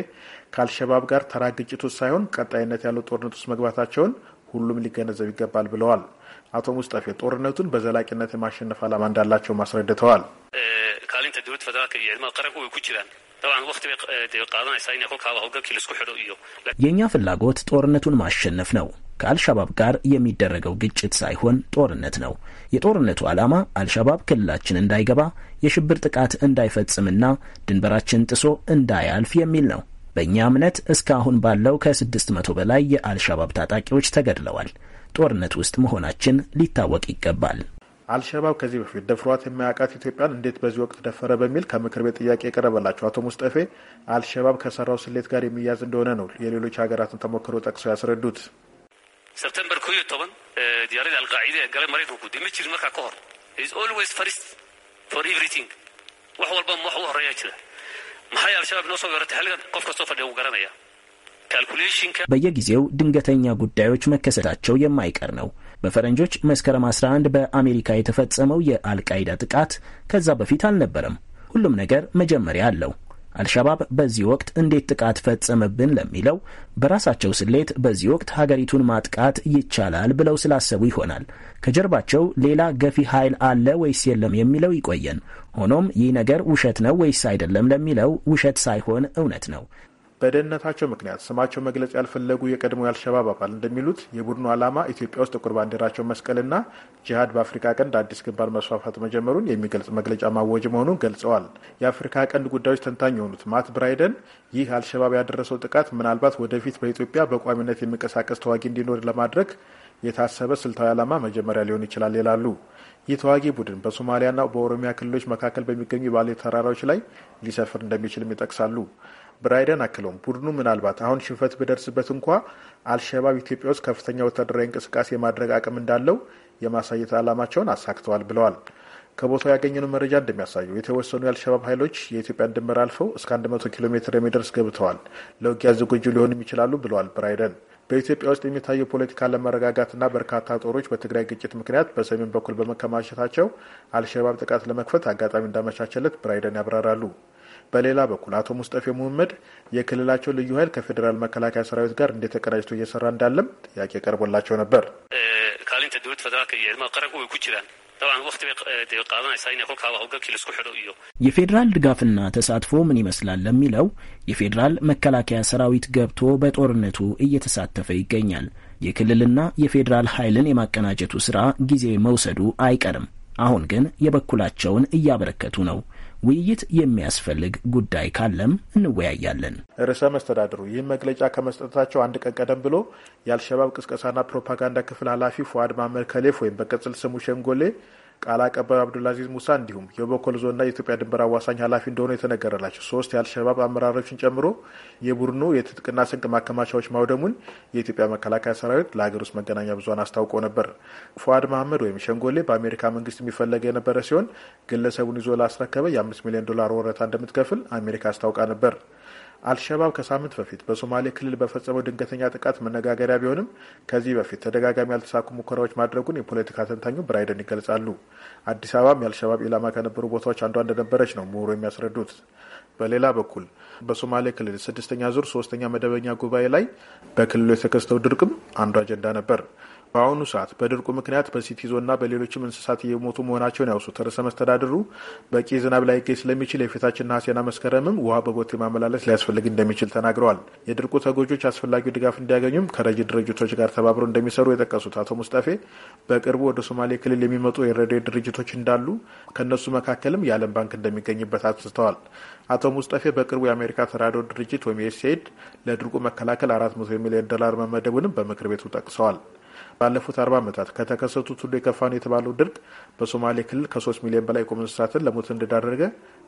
Speaker 3: ከአልሸባብ ጋር ተራ ግጭት ሳይሆን ቀጣይነት ያለው ጦርነት ውስጥ መግባታቸውን ሁሉም ሊገነዘብ ይገባል ብለዋል። አቶ ሙስጠፌ ጦርነቱን በዘላቂነት የማሸነፍ ዓላማ እንዳላቸው ማስረድተዋል። የእኛ
Speaker 2: ፍላጎት ጦርነቱን ማሸነፍ ነው። ከአልሻባብ ጋር የሚደረገው ግጭት ሳይሆን ጦርነት ነው። የጦርነቱ ዓላማ አልሻባብ ክልላችን እንዳይገባ፣ የሽብር ጥቃት እንዳይፈጽምና ድንበራችን ጥሶ እንዳያልፍ የሚል ነው። በእኛ እምነት እስካሁን ባለው ከስድስት መቶ በላይ የአልሻባብ ታጣቂዎች ተገድለዋል። ጦርነት ውስጥ መሆናችን ሊታወቅ ይገባል።
Speaker 3: አልሸባብ ከዚህ በፊት ደፍሯት የማያውቃት ኢትዮጵያን እንዴት በዚህ ወቅት ደፈረ በሚል ከምክር ቤት ጥያቄ የቀረበላቸው አቶ ሙስጠፌ አልሸባብ ከሰራው ስሌት ጋር የሚያዝ እንደሆነ ነው የሌሎች ሀገራትን ተሞክሮ ጠቅሰው ያስረዱት።
Speaker 9: ሰብተምበር ኩዩ ቶበን ዲያሬድ አልቃዒዳ ገለ መሬት ኩ ድምችል መርካ ከሆር ኢዝ ኦልዌይስ ፈርስት ፎር ኤቭሪቲንግ ዋሕ ወልባ ዋሕ ወረያ ይችላል መሓይ አልሸባብ ኖሶ ገረቲ ሕልገን ቆፍ ከስቶ ፈደው ገረነያ
Speaker 2: በየጊዜው ድንገተኛ ጉዳዮች መከሰታቸው የማይቀር ነው። በፈረንጆች መስከረም 11 በአሜሪካ የተፈጸመው የአልቃይዳ ጥቃት ከዛ በፊት አልነበረም። ሁሉም ነገር መጀመሪያ አለው። አልሻባብ በዚህ ወቅት እንዴት ጥቃት ፈጸመብን ለሚለው በራሳቸው ስሌት በዚህ ወቅት ሀገሪቱን ማጥቃት ይቻላል ብለው ስላሰቡ ይሆናል። ከጀርባቸው ሌላ ገፊ ኃይል አለ ወይስ የለም የሚለው ይቆየን። ሆኖም ይህ ነገር ውሸት ነው ወይስ አይደለም ለሚለው ውሸት ሳይሆን እውነት ነው።
Speaker 3: በደህንነታቸው ምክንያት ስማቸው መግለጽ ያልፈለጉ የቀድሞ የአልሸባብ አባል እንደሚሉት የቡድኑ ዓላማ ኢትዮጵያ ውስጥ ጥቁር ባንዲራቸው መስቀልና ጂሃድ በአፍሪካ ቀንድ አዲስ ግንባር መስፋፋት መጀመሩን የሚገልጽ መግለጫ ማወጅ መሆኑን ገልጸዋል። የአፍሪካ ቀንድ ጉዳዮች ተንታኝ የሆኑት ማት ብራይደን ይህ አልሸባብ ያደረሰው ጥቃት ምናልባት ወደፊት በኢትዮጵያ በቋሚነት የሚንቀሳቀስ ተዋጊ እንዲኖር ለማድረግ የታሰበ ስልታዊ ዓላማ መጀመሪያ ሊሆን ይችላል ይላሉ። ይህ ተዋጊ ቡድን በሶማሊያና በኦሮሚያ ክልሎች መካከል በሚገኙ የባሌ ተራራዎች ላይ ሊሰፍር እንደሚችልም ይጠቅሳሉ። ብራይደን አክለውም ቡድኑ ምናልባት አሁን ሽንፈት ቢደርስበት እንኳ አልሸባብ ኢትዮጵያ ውስጥ ከፍተኛ ወታደራዊ እንቅስቃሴ የማድረግ አቅም እንዳለው የማሳየት ዓላማቸውን አሳክተዋል ብለዋል። ከቦታው ያገኘነው መረጃ እንደሚያሳየው የተወሰኑ የአልሸባብ ኃይሎች የኢትዮጵያን ድንበር አልፈው እስከ 100 ኪሎ ሜትር የሚደርስ ገብተዋል፣ ለውጊያ ዝግጁ ሊሆኑም ይችላሉ ብለዋል ብራይደን። በኢትዮጵያ ውስጥ የሚታየው ፖለቲካ አለመረጋጋትና በርካታ ጦሮች በትግራይ ግጭት ምክንያት በሰሜን በኩል በመከማቸታቸው አልሸባብ ጥቃት ለመክፈት አጋጣሚ እንዳመቻቸለት ብራይደን ያብራራሉ። በሌላ በኩል አቶ ሙስጠፌ ሙህመድ የክልላቸው ልዩ ኃይል ከፌዴራል መከላከያ ሰራዊት ጋር እንዴት ተቀናጅቶ እየሰራ እንዳለም ጥያቄ ቀርቦላቸው ነበር። የፌዴራል ድጋፍና
Speaker 2: ተሳትፎ ምን ይመስላል ለሚለው የፌዴራል መከላከያ ሰራዊት ገብቶ በጦርነቱ እየተሳተፈ ይገኛል። የክልልና የፌዴራል ኃይልን የማቀናጀቱ ስራ ጊዜ መውሰዱ አይቀርም። አሁን ግን የበኩላቸውን እያበረከቱ ነው። ውይይት የሚያስፈልግ ጉዳይ ካለም እንወያያለን።
Speaker 3: ርዕሰ መስተዳድሩ ይህን መግለጫ ከመስጠታቸው አንድ ቀን ቀደም ብሎ የአልሸባብ ቅስቀሳና ፕሮፓጋንዳ ክፍል ኃላፊ ፉአድ ማመር ከሌፍ ወይም በቅጽል ስሙ ሸንጎሌ ቃል አቀባዩ አብዱልአዚዝ ሙሳ እንዲሁም የበኮል ዞንና የኢትዮጵያ ድንበር አዋሳኝ ኃላፊ እንደሆኑ የተነገረላቸው ሶስት የአልሸባብ አመራሮችን ጨምሮ የቡድኑ የትጥቅና ስንቅ ማከማቻዎች ማውደሙን የኢትዮጵያ መከላከያ ሰራዊት ለሀገር ውስጥ መገናኛ ብዙን አስታውቆ ነበር። ፉአድ መሐመድ ወይም ሸንጎሌ በአሜሪካ መንግስት የሚፈለገ የነበረ ሲሆን ግለሰቡን ይዞ ላስረከበ የአምስት ሚሊዮን ዶላር ወረታ እንደምትከፍል አሜሪካ አስታውቃ ነበር። አልሸባብ ከሳምንት በፊት በሶማሌ ክልል በፈጸመው ድንገተኛ ጥቃት መነጋገሪያ ቢሆንም ከዚህ በፊት ተደጋጋሚ ያልተሳኩ ሙከራዎች ማድረጉን የፖለቲካ ተንታኙ ብራይደን ይገልጻሉ። አዲስ አበባም የአልሸባብ ኢላማ ከነበሩ ቦታዎች አንዷ እንደነበረች ነው ምሁሩ የሚያስረዱት። በሌላ በኩል በሶማሌ ክልል ስድስተኛ ዙር ሶስተኛ መደበኛ ጉባኤ ላይ በክልሉ የተከስተው ድርቅም አንዱ አጀንዳ ነበር። በአሁኑ ሰዓት በድርቁ ምክንያት በሲቲዞና በሌሎችም እንስሳት እየሞቱ መሆናቸውን ያውሱት ርዕሰ መስተዳድሩ በቂ ዝናብ ላይገኝ ስለሚችል የፊታችን ነሐሴና መስከረምም ውሃ በቦቴ ማመላለስ ሊያስፈልግ እንደሚችል ተናግረዋል። የድርቁ ተጎጆች አስፈላጊው ድጋፍ እንዲያገኙም ከረጅ ድርጅቶች ጋር ተባብረው እንደሚሰሩ የጠቀሱት አቶ ሙስጠፌ በቅርቡ ወደ ሶማሌ ክልል የሚመጡ የረድኤት ድርጅቶች እንዳሉ ከእነሱ መካከልም የዓለም ባንክ እንደሚገኝበት አትስተዋል። አቶ ሙስጠፌ በቅርቡ የአሜሪካ ተራድኦ ድርጅት ወይም ዩኤስኤድ ለድርቁ መከላከል አራት መቶ ሚሊዮን ዶላር መመደቡንም በምክር ቤቱ ጠቅሰዋል። ባለፉት አርባ ዓመታት ከተከሰቱት ሁሉ የከፋ ነው የተባለው ድርቅ በሶማሌ ክልል ከሶስት ሚሊዮን በላይ የቁም እንስሳትን ለሞት እንደዳረገ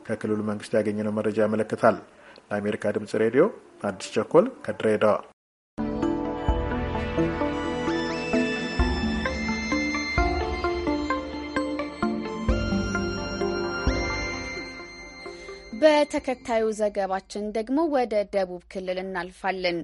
Speaker 3: ከክልሉ መንግስት ያገኘነው መረጃ ያመለክታል። ለአሜሪካ ድምጽ ሬዲዮ አዲስ ቸኮል ከድሬዳዋ
Speaker 1: በተከታዩ ዘገባችን ደግሞ ወደ ደቡብ ክልል እናልፋለን።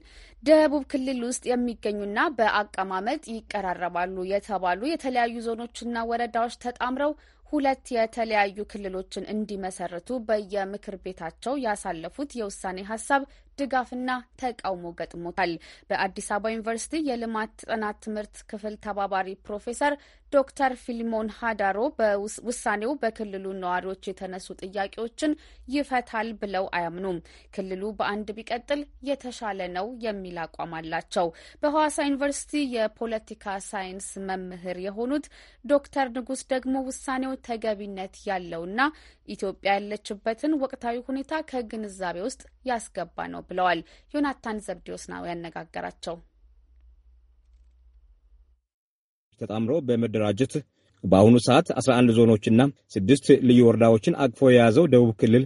Speaker 1: ደቡብ ክልል ውስጥ የሚገኙና በአቀማመጥ ይቀራረባሉ የተባሉ የተለያዩ ዞኖችና ወረዳዎች ተጣምረው ሁለት የተለያዩ ክልሎችን እንዲመሰርቱ በየምክር ቤታቸው ያሳለፉት የውሳኔ ሀሳብ ድጋፍና ተቃውሞ ገጥሞታል። በአዲስ አበባ ዩኒቨርሲቲ የልማት ጥናት ትምህርት ክፍል ተባባሪ ፕሮፌሰር ዶክተር ፊሊሞን ሀዳሮ በውሳኔው በክልሉ ነዋሪዎች የተነሱ ጥያቄዎችን ይፈታል ብለው አያምኑም። ክልሉ በአንድ ቢቀጥል የተሻለ ነው የሚል አቋም አላቸው። በሐዋሳ ዩኒቨርሲቲ የፖለቲካ ሳይንስ መምህር የሆኑት ዶክተር ንጉስ ደግሞ ውሳኔው ተገቢነት ያለውና ኢትዮጵያ ያለችበትን ወቅታዊ ሁኔታ ከግንዛቤ ውስጥ ያስገባ ነው ብለዋል። ዮናታን ዘብዲዮስ ነው ያነጋገራቸው።
Speaker 10: ተጣምሮ በመደራጀት በአሁኑ ሰዓት 11 ዞኖችና ስድስት ልዩ ወረዳዎችን አቅፎ የያዘው ደቡብ ክልል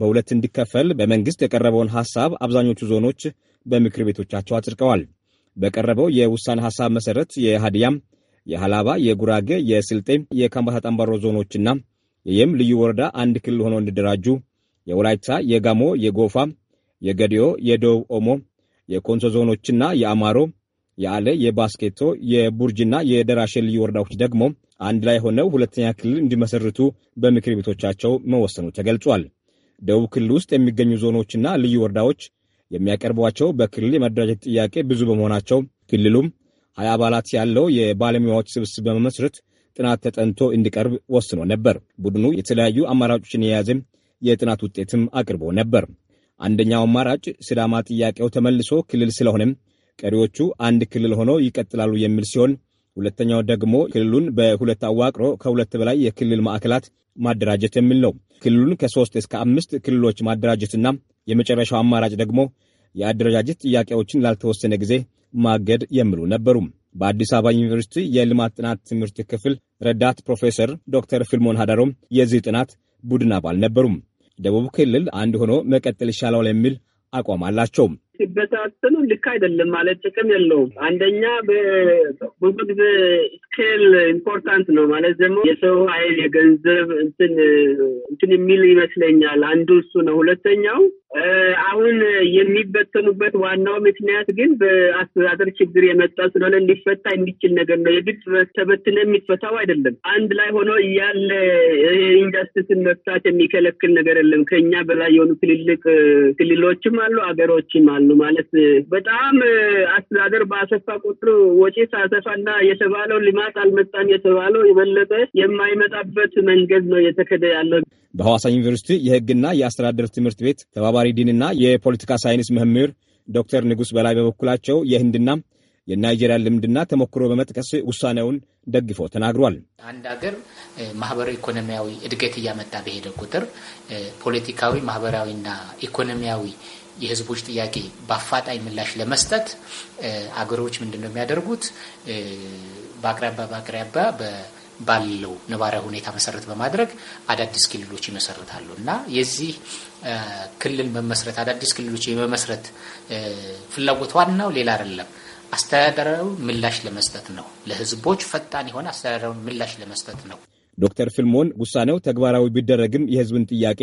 Speaker 10: በሁለት እንዲከፈል በመንግስት የቀረበውን ሐሳብ አብዛኞቹ ዞኖች በምክር ቤቶቻቸው አጽድቀዋል። በቀረበው የውሳኔ ሐሳብ መሠረት የሃዲያም፣ የሃላባ፣ የጉራጌ፣ የስልጤ፣ የካምባታ ጠንባሮ ዞኖችና የየም ልዩ ወረዳ አንድ ክልል ሆኖ እንዲደራጁ የወላይታ፣ የጋሞ፣ የጎፋ፣ የገዲዮ፣ የደቡብ ኦሞ፣ የኮንሶ ዞኖችና የአማሮ፣ የአለ፣ የባስኬቶ፣ የቡርጅና የደራሼ ልዩ ወረዳዎች ደግሞ አንድ ላይ ሆነው ሁለተኛ ክልል እንዲመሰርቱ በምክር ቤቶቻቸው መወሰኑ ተገልጿል። ደቡብ ክልል ውስጥ የሚገኙ ዞኖችና ልዩ ወረዳዎች የሚያቀርቧቸው በክልል የመደራጀት ጥያቄ ብዙ በመሆናቸው ክልሉም ሀያ አባላት ያለው የባለሙያዎች ስብስብ በመመስረት ጥናት ተጠንቶ እንዲቀርብ ወስኖ ነበር። ቡድኑ የተለያዩ አማራጮችን የያዘም የጥናት ውጤትም አቅርቦ ነበር። አንደኛው አማራጭ ሲዳማ ጥያቄው ተመልሶ ክልል ስለሆነም ቀሪዎቹ አንድ ክልል ሆነው ይቀጥላሉ የሚል ሲሆን ሁለተኛው ደግሞ ክልሉን በሁለት አዋቅሮ ከሁለት በላይ የክልል ማዕከላት ማደራጀት የሚል ነው። ክልሉን ከሶስት እስከ አምስት ክልሎች ማደራጀትና የመጨረሻው አማራጭ ደግሞ የአደረጃጀት ጥያቄዎችን ላልተወሰነ ጊዜ ማገድ የሚሉ ነበሩ። በአዲስ አበባ ዩኒቨርሲቲ የልማት ጥናት ትምህርት ክፍል ረዳት ፕሮፌሰር ዶክተር ፊልሞን ሀዳሮም የዚህ ጥናት ቡድን አባል ነበሩም። ደቡብ ክልል አንድ ሆኖ መቀጠል ይሻለዋል የሚል አቋም አላቸው።
Speaker 11: ሲበታተኑ ልክ አይደለም ማለት ጥቅም የለውም። አንደኛ ብዙ ጊዜ ስኬል ኢምፖርታንት ነው ማለት ደግሞ የሰው ኃይል የገንዘብ እንትን እንትን የሚል ይመስለኛል። አንዱ እሱ ነው። ሁለተኛው አሁን የሚበተኑበት ዋናው ምክንያት ግን በአስተዳደር ችግር የመጣ ስለሆነ ሊፈታ የሚችል ነገር ነው። የግድ ተበትነ የሚፈታው አይደለም። አንድ ላይ ሆኖ እያለ ኢንጃስቲስን መፍታት የሚከለክል ነገር የለም። ከኛ በላይ የሆኑ ትልልቅ ክልሎችም አሉ፣ አገሮችም አሉ። ማለት በጣም አስተዳደር በአሰፋ ቁጥር ወጪ ሳሰፋና የተባለው ልማት አልመጣም የተባለው የበለጠ የማይመጣበት መንገድ ነው የተከደ ያለው።
Speaker 10: በሐዋሳ ዩኒቨርሲቲ የህግና የአስተዳደር ትምህርት ቤት ተባባሪ ዲንና የፖለቲካ ሳይንስ መምህር ዶክተር ንጉስ በላይ በበኩላቸው የህንድና የናይጄሪያ ልምድና ተሞክሮ በመጥቀስ ውሳኔውን ደግፎ ተናግሯል።
Speaker 12: አንድ ሀገር ማህበራዊ ኢኮኖሚያዊ እድገት እያመጣ በሄደ ቁጥር ፖለቲካዊ፣ ማህበራዊና ኢኮኖሚያዊ የህዝቦች ጥያቄ በአፋጣኝ ምላሽ ለመስጠት አገሮች ምንድን ነው የሚያደርጉት? በአቅራቢያ በአቅራቢያ ባለው ነባራዊ ሁኔታ መሰረት በማድረግ አዳዲስ ክልሎች ይመሰርታሉ እና የዚህ ክልል መመስረት አዳዲስ ክልሎች የመመስረት ፍላጎት ዋናው ሌላ አይደለም፣ አስተዳደራዊ ምላሽ ለመስጠት ነው። ለህዝቦች ፈጣን የሆነ አስተዳደራዊ ምላሽ ለመስጠት ነው።
Speaker 10: ዶክተር ፊልሞን ውሳኔው ተግባራዊ ቢደረግም የህዝብን ጥያቄ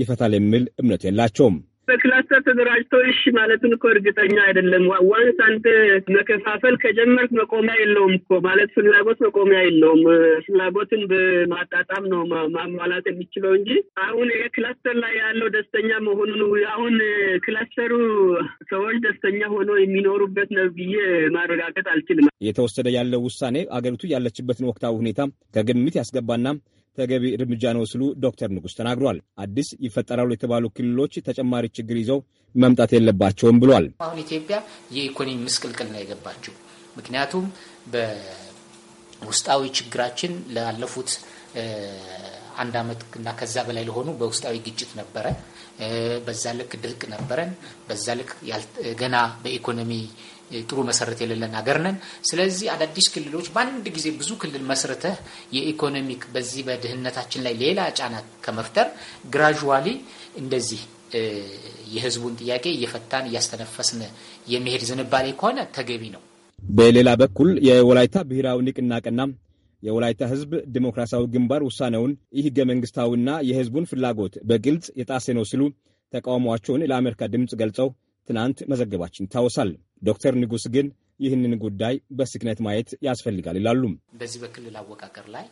Speaker 10: ይፈታል የሚል እምነት የላቸውም።
Speaker 11: በክላስተር ተደራጅተው እሺ ማለትን እኮ እርግጠኛ አይደለም። ዋንስ አንተ መከፋፈል ከጀመርክ መቆሚያ የለውም እኮ ማለት ፍላጎት መቆሚያ የለውም። ፍላጎትን በማጣጣም ነው ማሟላት የሚችለው እንጂ አሁን ክላስተር ላይ ያለው ደስተኛ መሆኑን አሁን ክላስተሩ ሰዎች ደስተኛ ሆኖ የሚኖሩበት ነው ብዬ ማረጋገጥ አልችልም።
Speaker 10: የተወሰደ ያለው ውሳኔ አገሪቱ ያለችበትን ወቅታዊ ሁኔታ ከግምት ያስገባና ተገቢ እርምጃ ነው ሲሉ ዶክተር ንጉስ ተናግሯል። አዲስ ይፈጠራሉ የተባሉ ክልሎች ተጨማሪ ችግር ይዘው መምጣት የለባቸውም ብሏል።
Speaker 12: አሁን ኢትዮጵያ የኢኮኖሚ ምስቅልቅል ነው የገባችው። ምክንያቱም በውስጣዊ ችግራችን ላለፉት አንድ ዓመት እና ከዛ በላይ ለሆኑ በውስጣዊ ግጭት ነበረ። በዛ ልክ ድርቅ ነበረን። በዛ ልክ ገና በኢኮኖሚ ጥሩ መሰረት የሌለን ሀገር ነን። ስለዚህ አዳዲስ ክልሎች በአንድ ጊዜ ብዙ ክልል መስርተህ የኢኮኖሚክ በዚህ በድህነታችን ላይ ሌላ ጫና ከመፍጠር ግራጁዋሊ እንደዚህ የህዝቡን ጥያቄ እየፈታን እያስተነፈስን የሚሄድ ዝንባሌ ከሆነ ተገቢ ነው።
Speaker 10: በሌላ በኩል የወላይታ ብሔራዊ ንቅናቄና የወላይታ ህዝብ ዲሞክራሲያዊ ግንባር ውሳኔውን ይህ ህገ መንግስታዊና የህዝቡን ፍላጎት በግልጽ የጣሴ ነው ሲሉ ተቃውሟቸውን ለአሜሪካ ድምፅ ገልጸው ትናንት መዘገባችን ይታወሳል። ዶክተር ንጉስ ግን ይህንን ጉዳይ በስክነት ማየት ያስፈልጋል ይላሉ።
Speaker 12: በዚህ በክልል አወቃቀር ላይ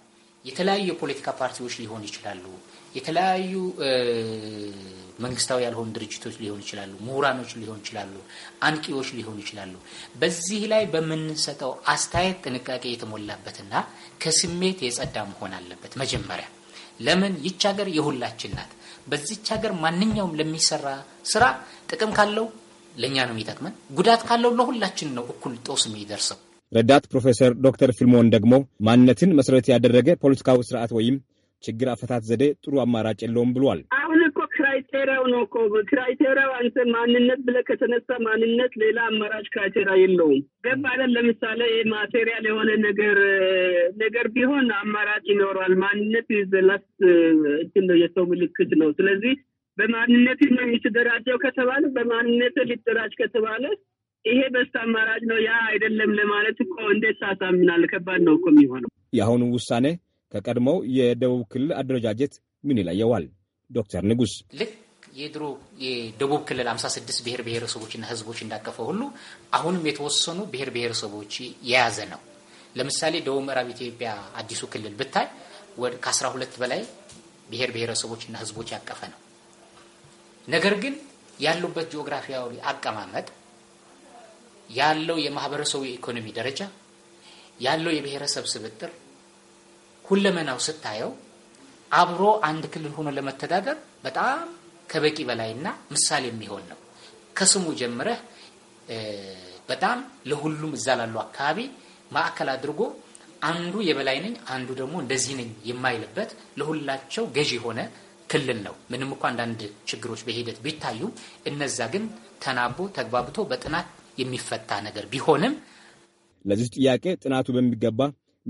Speaker 12: የተለያዩ የፖለቲካ ፓርቲዎች ሊሆን ይችላሉ፣ የተለያዩ መንግስታዊ ያልሆኑ ድርጅቶች ሊሆን ይችላሉ፣ ምሁራኖች ሊሆን ይችላሉ፣ አንቂዎች ሊሆን ይችላሉ። በዚህ ላይ በምንሰጠው አስተያየት ጥንቃቄ የተሞላበትና ከስሜት የጸዳ መሆን አለበት። መጀመሪያ ለምን ይች ሀገር የሁላችን ናት። በዚች ሀገር ማንኛውም ለሚሰራ ስራ ጥቅም ካለው ለእኛ ነው የሚጠቅመን። ጉዳት ካለው ለሁላችን ነው እኩል ጦስ የሚደርሰው።
Speaker 10: ረዳት ፕሮፌሰር ዶክተር ፊልሞን ደግሞ ማንነትን መሰረት ያደረገ ፖለቲካዊ ስርዓት ወይም ችግር አፈታት ዘዴ ጥሩ አማራጭ የለውም ብሏል።
Speaker 2: አሁን እኮ ክራይቴሪያው
Speaker 11: ነው እኮ ክራይቴሪያው አንተ ማንነት ብለህ ከተነሳ ማንነት ሌላ አማራጭ ክራይቴሪያ የለውም። ገባለ ለምሳሌ ማቴሪያል የሆነ ነገር ነገር ቢሆን አማራጭ ይኖረዋል። ማንነት ዘላስ uh, እንትን ነው የሰው ምልክት ነው። ስለዚህ በማንነት ነው የሚተደራጀው ከተባለ በማንነት ሊደራጅ ከተባለ ይሄ በስተ አማራጭ ነው፣ ያ አይደለም ለማለት እኮ እንዴት ሳሳምናል? ከባድ ነው እኮ የሚሆነው።
Speaker 10: የአሁኑ ውሳኔ ከቀድሞው የደቡብ ክልል አደረጃጀት ምን ይለየዋል? ዶክተር ንጉስ
Speaker 12: ልክ የድሮ የደቡብ ክልል 56 ብሔር ብሔረሰቦችና ህዝቦች እንዳቀፈ ሁሉ አሁንም የተወሰኑ ብሔር ብሔረሰቦች የያዘ ነው። ለምሳሌ ደቡብ ምዕራብ ኢትዮጵያ አዲሱ ክልል ብታይ ከ12 በላይ ብሔር ብሔረሰቦችና ህዝቦች ያቀፈ ነው። ነገር ግን ያሉበት ጂኦግራፊያዊ አቀማመጥ ያለው የማህበረሰቡ የኢኮኖሚ ደረጃ ያለው የብሔረሰብ ስብጥር ሁለመናው ስታየው አብሮ አንድ ክልል ሆኖ ለመተዳደር በጣም ከበቂ በላይና ምሳሌ የሚሆን ነው። ከስሙ ጀምረህ በጣም ለሁሉም እዛ ላለው አካባቢ ማዕከል አድርጎ አንዱ የበላይ ነኝ፣ አንዱ ደግሞ እንደዚህ ነኝ የማይልበት ለሁላቸው ገዢ ሆነ። ክልል ነው። ምንም እኳ አንዳንድ ችግሮች በሂደት ቢታዩ እነዛ ግን ተናቦ ተግባብቶ በጥናት የሚፈታ ነገር ቢሆንም
Speaker 10: ለዚህ ጥያቄ ጥናቱ በሚገባ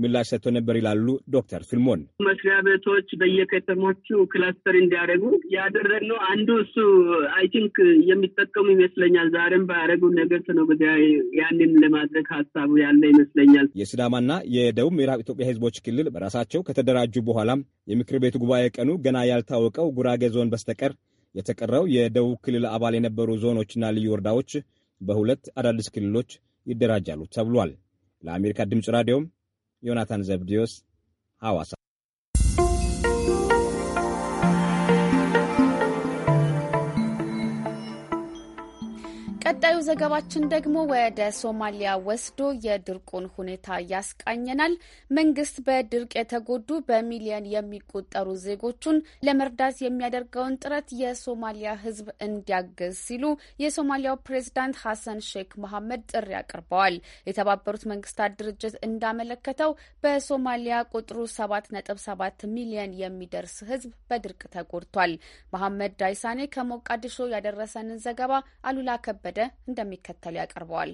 Speaker 10: ምላሽ ሰጥቶ ነበር ይላሉ ዶክተር ፊልሞን።
Speaker 11: መስሪያ ቤቶች በየከተሞቹ ክላስተር እንዲያደርጉ ነው አንዱ እሱ አይ ቲንክ የሚጠቀሙ ይመስለኛል። ዛሬም ባያደረጉ ነገር ነው ያንን
Speaker 10: ለማድረግ ሀሳቡ ያለ ይመስለኛል። የስዳማና የደቡብ ምዕራብ ኢትዮጵያ ህዝቦች ክልል በራሳቸው ከተደራጁ በኋላ የምክር ቤቱ ጉባኤ ቀኑ ገና ያልታወቀው ጉራጌ ዞን በስተቀር የተቀረው የደቡብ ክልል አባል የነበሩ ዞኖችና ልዩ ወረዳዎች በሁለት አዳዲስ ክልሎች ይደራጃሉ ተብሏል። ለአሜሪካ ድምፅ ራዲዮም ዮናታን ዘብዲዮስ ሐዋሳ
Speaker 1: ቀጣዩ ዘገባችን ደግሞ ወደ ሶማሊያ ወስዶ የድርቁን ሁኔታ ያስቃኘናል። መንግስት በድርቅ የተጎዱ በሚሊዮን የሚቆጠሩ ዜጎቹን ለመርዳት የሚያደርገውን ጥረት የሶማሊያ ሕዝብ እንዲያግዝ ሲሉ የሶማሊያው ፕሬዚዳንት ሐሰን ሼክ መሐመድ ጥሪ አቅርበዋል። የተባበሩት መንግስታት ድርጅት እንዳመለከተው በሶማሊያ ቁጥሩ 7.7 ሚሊዮን የሚደርስ ሕዝብ በድርቅ ተጎድቷል። መሐመድ ዳይሳኔ ከሞቃዲሾ ያደረሰንን ዘገባ አሉላ ከበደ ከበደ እንደሚከተል ያቀርበዋል።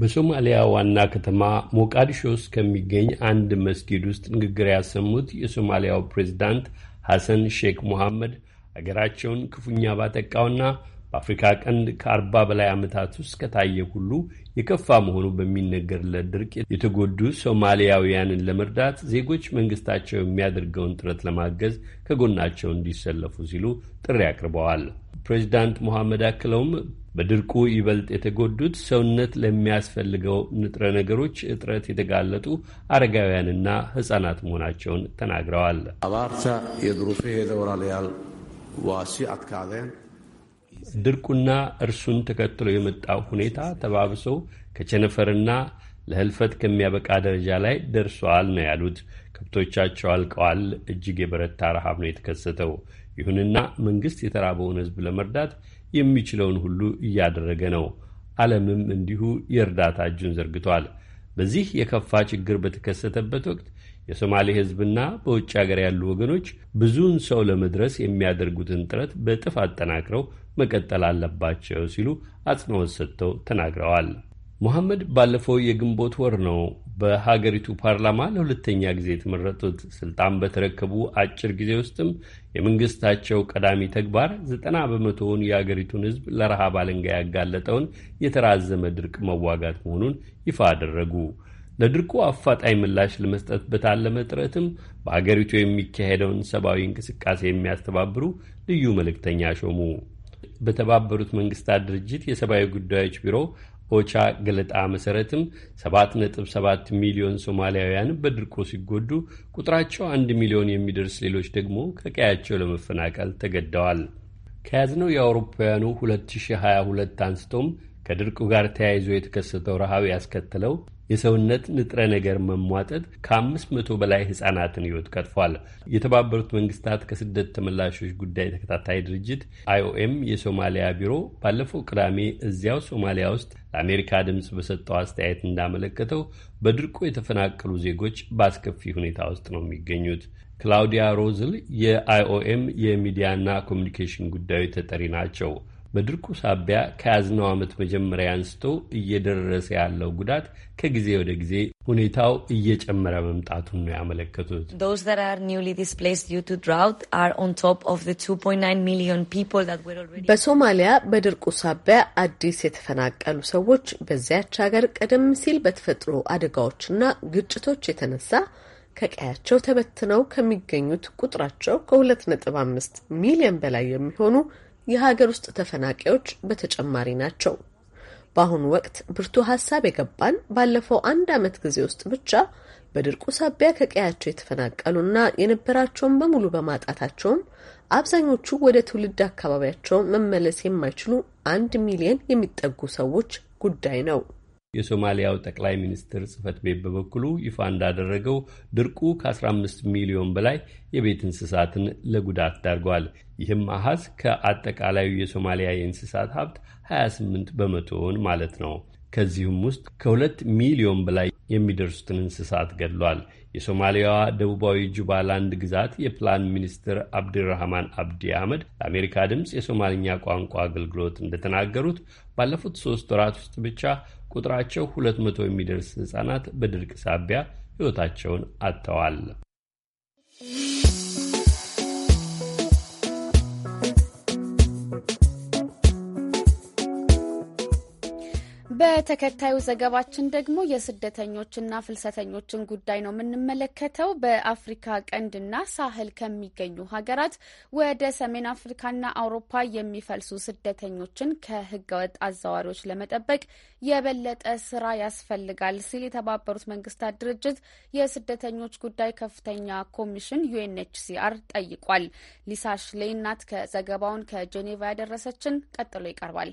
Speaker 9: በሶማሊያ ዋና ከተማ ሞቃዲሾ ውስጥ ከሚገኝ አንድ መስጊድ ውስጥ ንግግር ያሰሙት የሶማሊያው ፕሬዚዳንት ሐሰን ሼክ ሙሐመድ አገራቸውን ክፉኛ ባጠቃውና በአፍሪካ ቀንድ ከአርባ በላይ ዓመታት ውስጥ ከታየ ሁሉ የከፋ መሆኑ በሚነገርለት ድርቅ የተጎዱ ሶማሊያውያንን ለመርዳት ዜጎች መንግስታቸው የሚያደርገውን ጥረት ለማገዝ ከጎናቸው እንዲሰለፉ ሲሉ ጥሪ አቅርበዋል። ፕሬዚዳንት ሞሐመድ አክለውም በድርቁ ይበልጥ የተጎዱት ሰውነት ለሚያስፈልገው ንጥረ ነገሮች እጥረት የተጋለጡ አረጋውያንና ህጻናት መሆናቸውን ተናግረዋል። ድርቁና እርሱን ተከትሎ የመጣው ሁኔታ ተባብሶ ከቸነፈርና ለህልፈት ከሚያበቃ ደረጃ ላይ ደርሷል ነው ያሉት። ከብቶቻቸው አልቀዋል። እጅግ የበረታ ረሃብ ነው የተከሰተው። ይሁንና መንግስት የተራበውን ሕዝብ ለመርዳት የሚችለውን ሁሉ እያደረገ ነው። ዓለምም እንዲሁ የእርዳታ እጁን ዘርግቷል። በዚህ የከፋ ችግር በተከሰተበት ወቅት የሶማሌ ሕዝብና በውጭ ሀገር ያሉ ወገኖች ብዙውን ሰው ለመድረስ የሚያደርጉትን ጥረት በእጥፍ አጠናክረው መቀጠል አለባቸው ሲሉ አጽንኦት ሰጥተው ተናግረዋል። ሙሐመድ ባለፈው የግንቦት ወር ነው በሀገሪቱ ፓርላማ ለሁለተኛ ጊዜ የተመረጡት። ስልጣን በተረከቡ አጭር ጊዜ ውስጥም የመንግስታቸው ቀዳሚ ተግባር ዘጠና በመቶውን የአገሪቱን ሕዝብ ለረሃብ አለንጋ ያጋለጠውን የተራዘመ ድርቅ መዋጋት መሆኑን ይፋ አደረጉ። ለድርቁ አፋጣኝ ምላሽ ለመስጠት በታለመ ጥረትም በሀገሪቱ የሚካሄደውን ሰብአዊ እንቅስቃሴ የሚያስተባብሩ ልዩ መልእክተኛ ሾሙ። በተባበሩት መንግስታት ድርጅት የሰብአዊ ጉዳዮች ቢሮ ኦቻ ገለጣ መሰረትም 7.7 ሚሊዮን ሶማሊያውያን በድርቁ ሲጎዱ ቁጥራቸው አንድ ሚሊዮን የሚደርስ ሌሎች ደግሞ ከቀያቸው ለመፈናቀል ተገደዋል። ከያዝነው የአውሮፓውያኑ 2022 አንስቶም ከድርቁ ጋር ተያይዞ የተከሰተው ረሃብ ያስከተለው የሰውነት ንጥረ ነገር መሟጠጥ ከአምስት መቶ በላይ ህጻናትን ህይወት ቀጥፏል። የተባበሩት መንግስታት ከስደት ተመላሾች ጉዳይ ተከታታይ ድርጅት አይኦኤም የሶማሊያ ቢሮ ባለፈው ቅዳሜ እዚያው ሶማሊያ ውስጥ ለአሜሪካ ድምፅ በሰጠው አስተያየት እንዳመለከተው በድርቆ የተፈናቀሉ ዜጎች በአስከፊ ሁኔታ ውስጥ ነው የሚገኙት። ክላውዲያ ሮዝል የአይኦኤም የሚዲያና ኮሚኒኬሽን ጉዳዮች ተጠሪ ናቸው። በድርቁ ሳቢያ ከያዝነው ዓመት መጀመሪያ አንስቶ እየደረሰ ያለው ጉዳት ከጊዜ ወደ ጊዜ ሁኔታው እየጨመረ መምጣቱን ነው ያመለከቱት።
Speaker 13: በሶማሊያ በድርቁ ሳቢያ አዲስ የተፈናቀሉ ሰዎች በዚያች ሀገር ቀደም ሲል በተፈጥሮ አደጋዎችና ግጭቶች የተነሳ ከቀያቸው ተበትነው ከሚገኙት ቁጥራቸው ከ2.5 ሚሊዮን በላይ የሚሆኑ የሀገር ውስጥ ተፈናቃዮች በተጨማሪ ናቸው። በአሁኑ ወቅት ብርቱ ሀሳብ የገባን ባለፈው አንድ ዓመት ጊዜ ውስጥ ብቻ በድርቁ ሳቢያ ከቀያቸው የተፈናቀሉና የነበራቸውን በሙሉ በማጣታቸውም አብዛኞቹ ወደ ትውልድ አካባቢያቸው መመለስ የማይችሉ አንድ ሚሊየን የሚጠጉ ሰዎች ጉዳይ ነው።
Speaker 9: የሶማሊያው ጠቅላይ ሚኒስትር ጽህፈት ቤት በበኩሉ ይፋ እንዳደረገው ድርቁ ከ15 ሚሊዮን በላይ የቤት እንስሳትን ለጉዳት ዳርጓል። ይህም አሃዝ ከአጠቃላዩ የሶማሊያ የእንስሳት ሀብት 28 በመቶውን ማለት ነው። ከዚህም ውስጥ ከሁለት ሚሊዮን በላይ የሚደርሱትን እንስሳት ገድሏል። የሶማሊያዋ ደቡባዊ ጁባላንድ ግዛት የፕላን ሚኒስትር አብድራህማን አብዲ አህመድ ለአሜሪካ ድምፅ የሶማልኛ ቋንቋ አገልግሎት እንደተናገሩት ባለፉት ሶስት ወራት ውስጥ ብቻ ቁጥራቸው 200 የሚደርስ ሕፃናት በድርቅ ሳቢያ ሕይወታቸውን አጥተዋል።
Speaker 1: በተከታዩ ዘገባችን ደግሞ የስደተኞችና ፍልሰተኞችን ጉዳይ ነው የምንመለከተው። በአፍሪካ ቀንድና ሳህል ከሚገኙ ሀገራት ወደ ሰሜን አፍሪካና አውሮፓ የሚፈልሱ ስደተኞችን ከህገወጥ አዘዋሪዎች ለመጠበቅ የበለጠ ስራ ያስፈልጋል ሲል የተባበሩት መንግስታት ድርጅት የስደተኞች ጉዳይ ከፍተኛ ኮሚሽን ዩኤንኤችሲአር ጠይቋል። ሊሳሽ ሌይናት ከዘገባውን ከጄኔቫ ያደረሰችን ቀጥሎ ይቀርባል።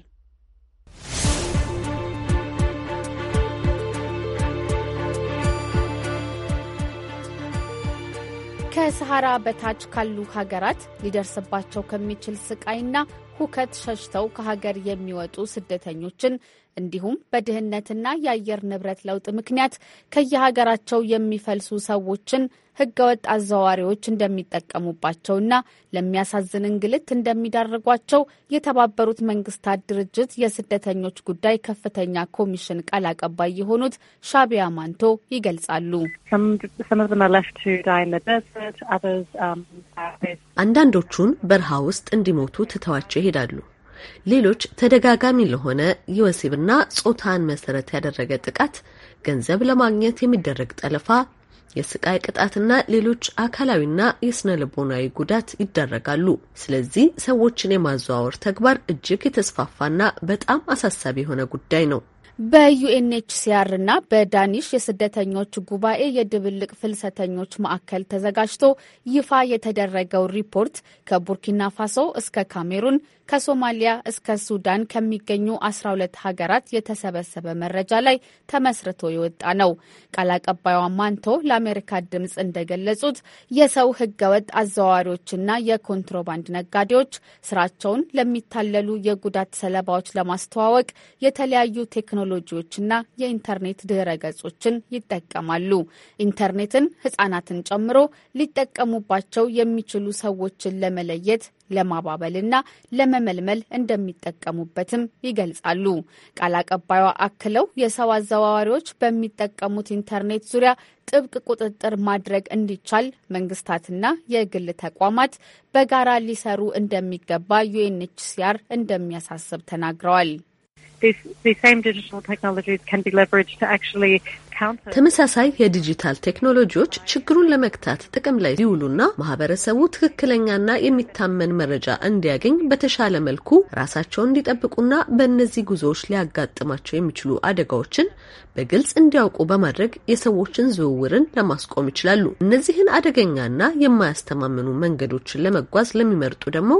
Speaker 1: ከሰሃራ በታች ካሉ ሀገራት ሊደርስባቸው ከሚችል ስቃይና ሁከት ሸሽተው ከሀገር የሚወጡ ስደተኞችን እንዲሁም በድህነትና የአየር ንብረት ለውጥ ምክንያት ከየሀገራቸው የሚፈልሱ ሰዎችን ህገወጥ አዘዋዋሪዎች እንደሚጠቀሙባቸውና ለሚያሳዝን እንግልት እንደሚዳርጓቸው የተባበሩት መንግስታት ድርጅት የስደተኞች ጉዳይ ከፍተኛ ኮሚሽን ቃል አቀባይ የሆኑት ሻቢያ ማንቶ ይገልጻሉ።
Speaker 13: አንዳንዶቹን በረሃ ውስጥ እንዲሞቱ ትተዋቸው ይሄዳሉ። ሌሎች ተደጋጋሚ ለሆነ የወሲብና ጾታን መሰረት ያደረገ ጥቃት፣ ገንዘብ ለማግኘት የሚደረግ ጠለፋ የስቃይ ቅጣትና ሌሎች አካላዊና የስነ ልቦናዊ ጉዳት ይደረጋሉ። ስለዚህ ሰዎችን የማዘዋወር ተግባር እጅግ የተስፋፋና በጣም አሳሳቢ የሆነ ጉዳይ ነው።
Speaker 1: በዩኤንኤችሲአር እና በዳኒሽ የስደተኞች ጉባኤ የድብልቅ ፍልሰተኞች ማዕከል ተዘጋጅቶ ይፋ የተደረገው ሪፖርት ከቡርኪና ፋሶ እስከ ካሜሩን ከሶማሊያ እስከ ሱዳን ከሚገኙ 12 ሀገራት የተሰበሰበ መረጃ ላይ ተመስርቶ የወጣ ነው። ቃል አቀባዩ ማንቶ ለአሜሪካ ድምፅ እንደገለጹት የሰው ህገወጥ አዘዋዋሪዎችና የኮንትሮባንድ ነጋዴዎች ስራቸውን ለሚታለሉ የጉዳት ሰለባዎች ለማስተዋወቅ የተለያዩ ቴክኖ ቴክኖሎጂዎችና የኢንተርኔት ድህረ ገጾችን ይጠቀማሉ። ኢንተርኔትን ህጻናትን ጨምሮ ሊጠቀሙባቸው የሚችሉ ሰዎችን ለመለየት ለማባበልና ለመመልመል እንደሚጠቀሙበትም ይገልጻሉ። ቃል አቀባዩ አክለው የሰው አዘዋዋሪዎች በሚጠቀሙት ኢንተርኔት ዙሪያ ጥብቅ ቁጥጥር ማድረግ እንዲቻል መንግስታትና የግል ተቋማት በጋራ ሊሰሩ እንደሚገባ ዩኤንኤችሲአር እንደሚያሳስብ ተናግረዋል። these, these same digital technologies can
Speaker 13: be leveraged to actually ተመሳሳይ የዲጂታል ቴክኖሎጂዎች ችግሩን ለመግታት ጥቅም ላይ ሊውሉና ማህበረሰቡ ትክክለኛና የሚታመን መረጃ እንዲያገኝ በተሻለ መልኩ ራሳቸውን እንዲጠብቁና በእነዚህ ጉዞዎች ሊያጋጥማቸው የሚችሉ አደጋዎችን በግልጽ እንዲያውቁ በማድረግ የሰዎችን ዝውውርን ለማስቆም ይችላሉ። እነዚህን አደገኛና የማያስተማምኑ መንገዶችን ለመጓዝ ለሚመርጡ ደግሞ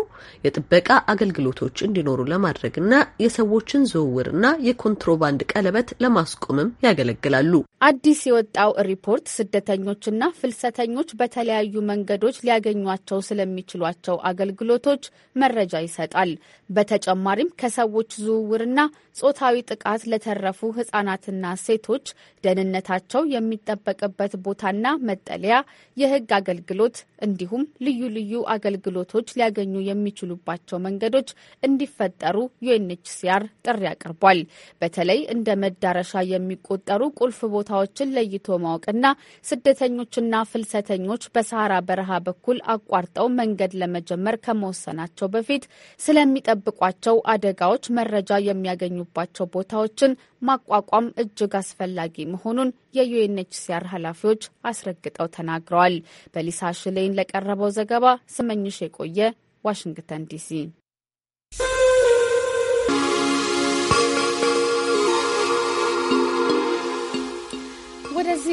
Speaker 13: የጥበቃ አገልግሎቶች እንዲኖሩ ለማድረግና የሰዎችን ዝውውርና የኮንትሮባንድ ቀለበት ለማስቆምም ያገለግላሉ።
Speaker 1: አዲስ የወጣው ሪፖርት ስደተኞችና ፍልሰተኞች በተለያዩ መንገዶች ሊያገኟቸው ስለሚችሏቸው አገልግሎቶች መረጃ ይሰጣል። በተጨማሪም ከሰዎች ዝውውርና ጾታዊ ጥቃት ለተረፉ ህጻናትና ሴቶች ደህንነታቸው የሚጠበቅበት ቦታና መጠለያ፣ የህግ አገልግሎት እንዲሁም ልዩ ልዩ አገልግሎቶች ሊያገኙ የሚችሉባቸው መንገዶች እንዲፈጠሩ ዩኤንኤችሲአር ጥሪ አቅርቧል። በተለይ እንደ መዳረሻ የሚቆጠሩ ቁልፍ ቦታዎችን ለይቶ ማወቅና ስደተኞችና ፍልሰተኞች በሰሃራ በረሃ በኩል አቋርጠው መንገድ ለመጀመር ከመወሰናቸው በፊት ስለሚጠብቋቸው አደጋዎች መረጃ የሚያገኙባቸው ቦታዎችን ማቋቋም እጅግ አስፈላጊ መሆኑን የዩኤንኤችሲአር ኃላፊዎች አስረግጠው ተናግረዋል። በሊሳ ሽሌን ለቀረበው ዘገባ ስመኝሽ የቆየ ዋሽንግተን ዲሲ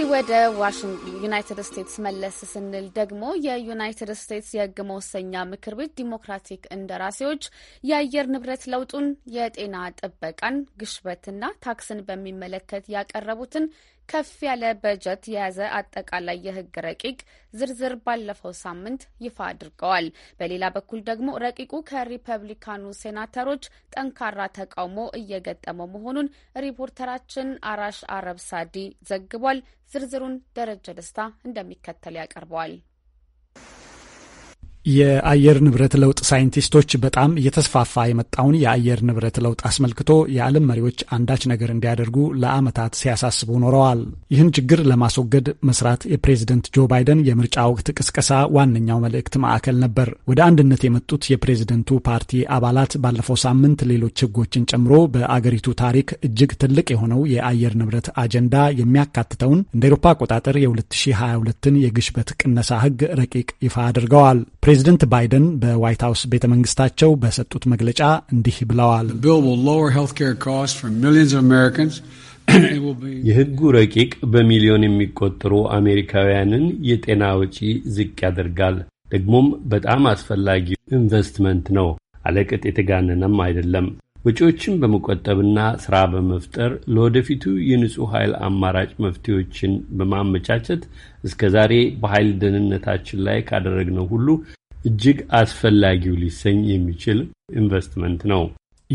Speaker 1: ከዚህ ወደ ዩናይትድ ስቴትስ መለስ ስንል ደግሞ የዩናይትድ ስቴትስ የህግ መወሰኛ ምክር ቤት ዲሞክራቲክ እንደራሴዎች የአየር ንብረት ለውጡን፣ የጤና ጥበቃን፣ ግሽበትና ታክስን በሚመለከት ያቀረቡትን ከፍ ያለ በጀት የያዘ አጠቃላይ የህግ ረቂቅ ዝርዝር ባለፈው ሳምንት ይፋ አድርገዋል። በሌላ በኩል ደግሞ ረቂቁ ከሪፐብሊካኑ ሴናተሮች ጠንካራ ተቃውሞ እየገጠመው መሆኑን ሪፖርተራችን አራሽ አረብ ሳዲ ዘግቧል። ዝርዝሩን ደረጀ ደስታ እንደሚከተል ያቀርበዋል።
Speaker 14: የአየር ንብረት ለውጥ ሳይንቲስቶች በጣም እየተስፋፋ የመጣውን የአየር ንብረት ለውጥ አስመልክቶ የዓለም መሪዎች አንዳች ነገር እንዲያደርጉ ለዓመታት ሲያሳስቡ ኖረዋል። ይህን ችግር ለማስወገድ መስራት የፕሬዝደንት ጆ ባይደን የምርጫ ወቅት ቅስቀሳ ዋነኛው መልእክት ማዕከል ነበር። ወደ አንድነት የመጡት የፕሬዝደንቱ ፓርቲ አባላት ባለፈው ሳምንት ሌሎች ህጎችን ጨምሮ በአገሪቱ ታሪክ እጅግ ትልቅ የሆነው የአየር ንብረት አጀንዳ የሚያካትተውን እንደ ኤሮፓ አቆጣጠር የ2022ን የግሽበት ቅነሳ ህግ ረቂቅ ይፋ አድርገዋል። ፕሬዚደንት ባይደን በዋይት ሀውስ ቤተ መንግስታቸው በሰጡት መግለጫ እንዲህ ብለዋል።
Speaker 9: የህጉ ረቂቅ በሚሊዮን የሚቆጠሩ አሜሪካውያንን የጤና ወጪ ዝቅ ያደርጋል። ደግሞም በጣም አስፈላጊ ኢንቨስትመንት ነው። አለቅጥ የተጋነነም አይደለም። ወጪዎችን በመቆጠብና ስራ በመፍጠር ለወደፊቱ የንጹሕ ኃይል አማራጭ መፍትሄዎችን በማመቻቸት እስከ ዛሬ በኃይል ደህንነታችን ላይ ካደረግነው ሁሉ እጅግ አስፈላጊው ሊሰኝ የሚችል ኢንቨስትመንት ነው።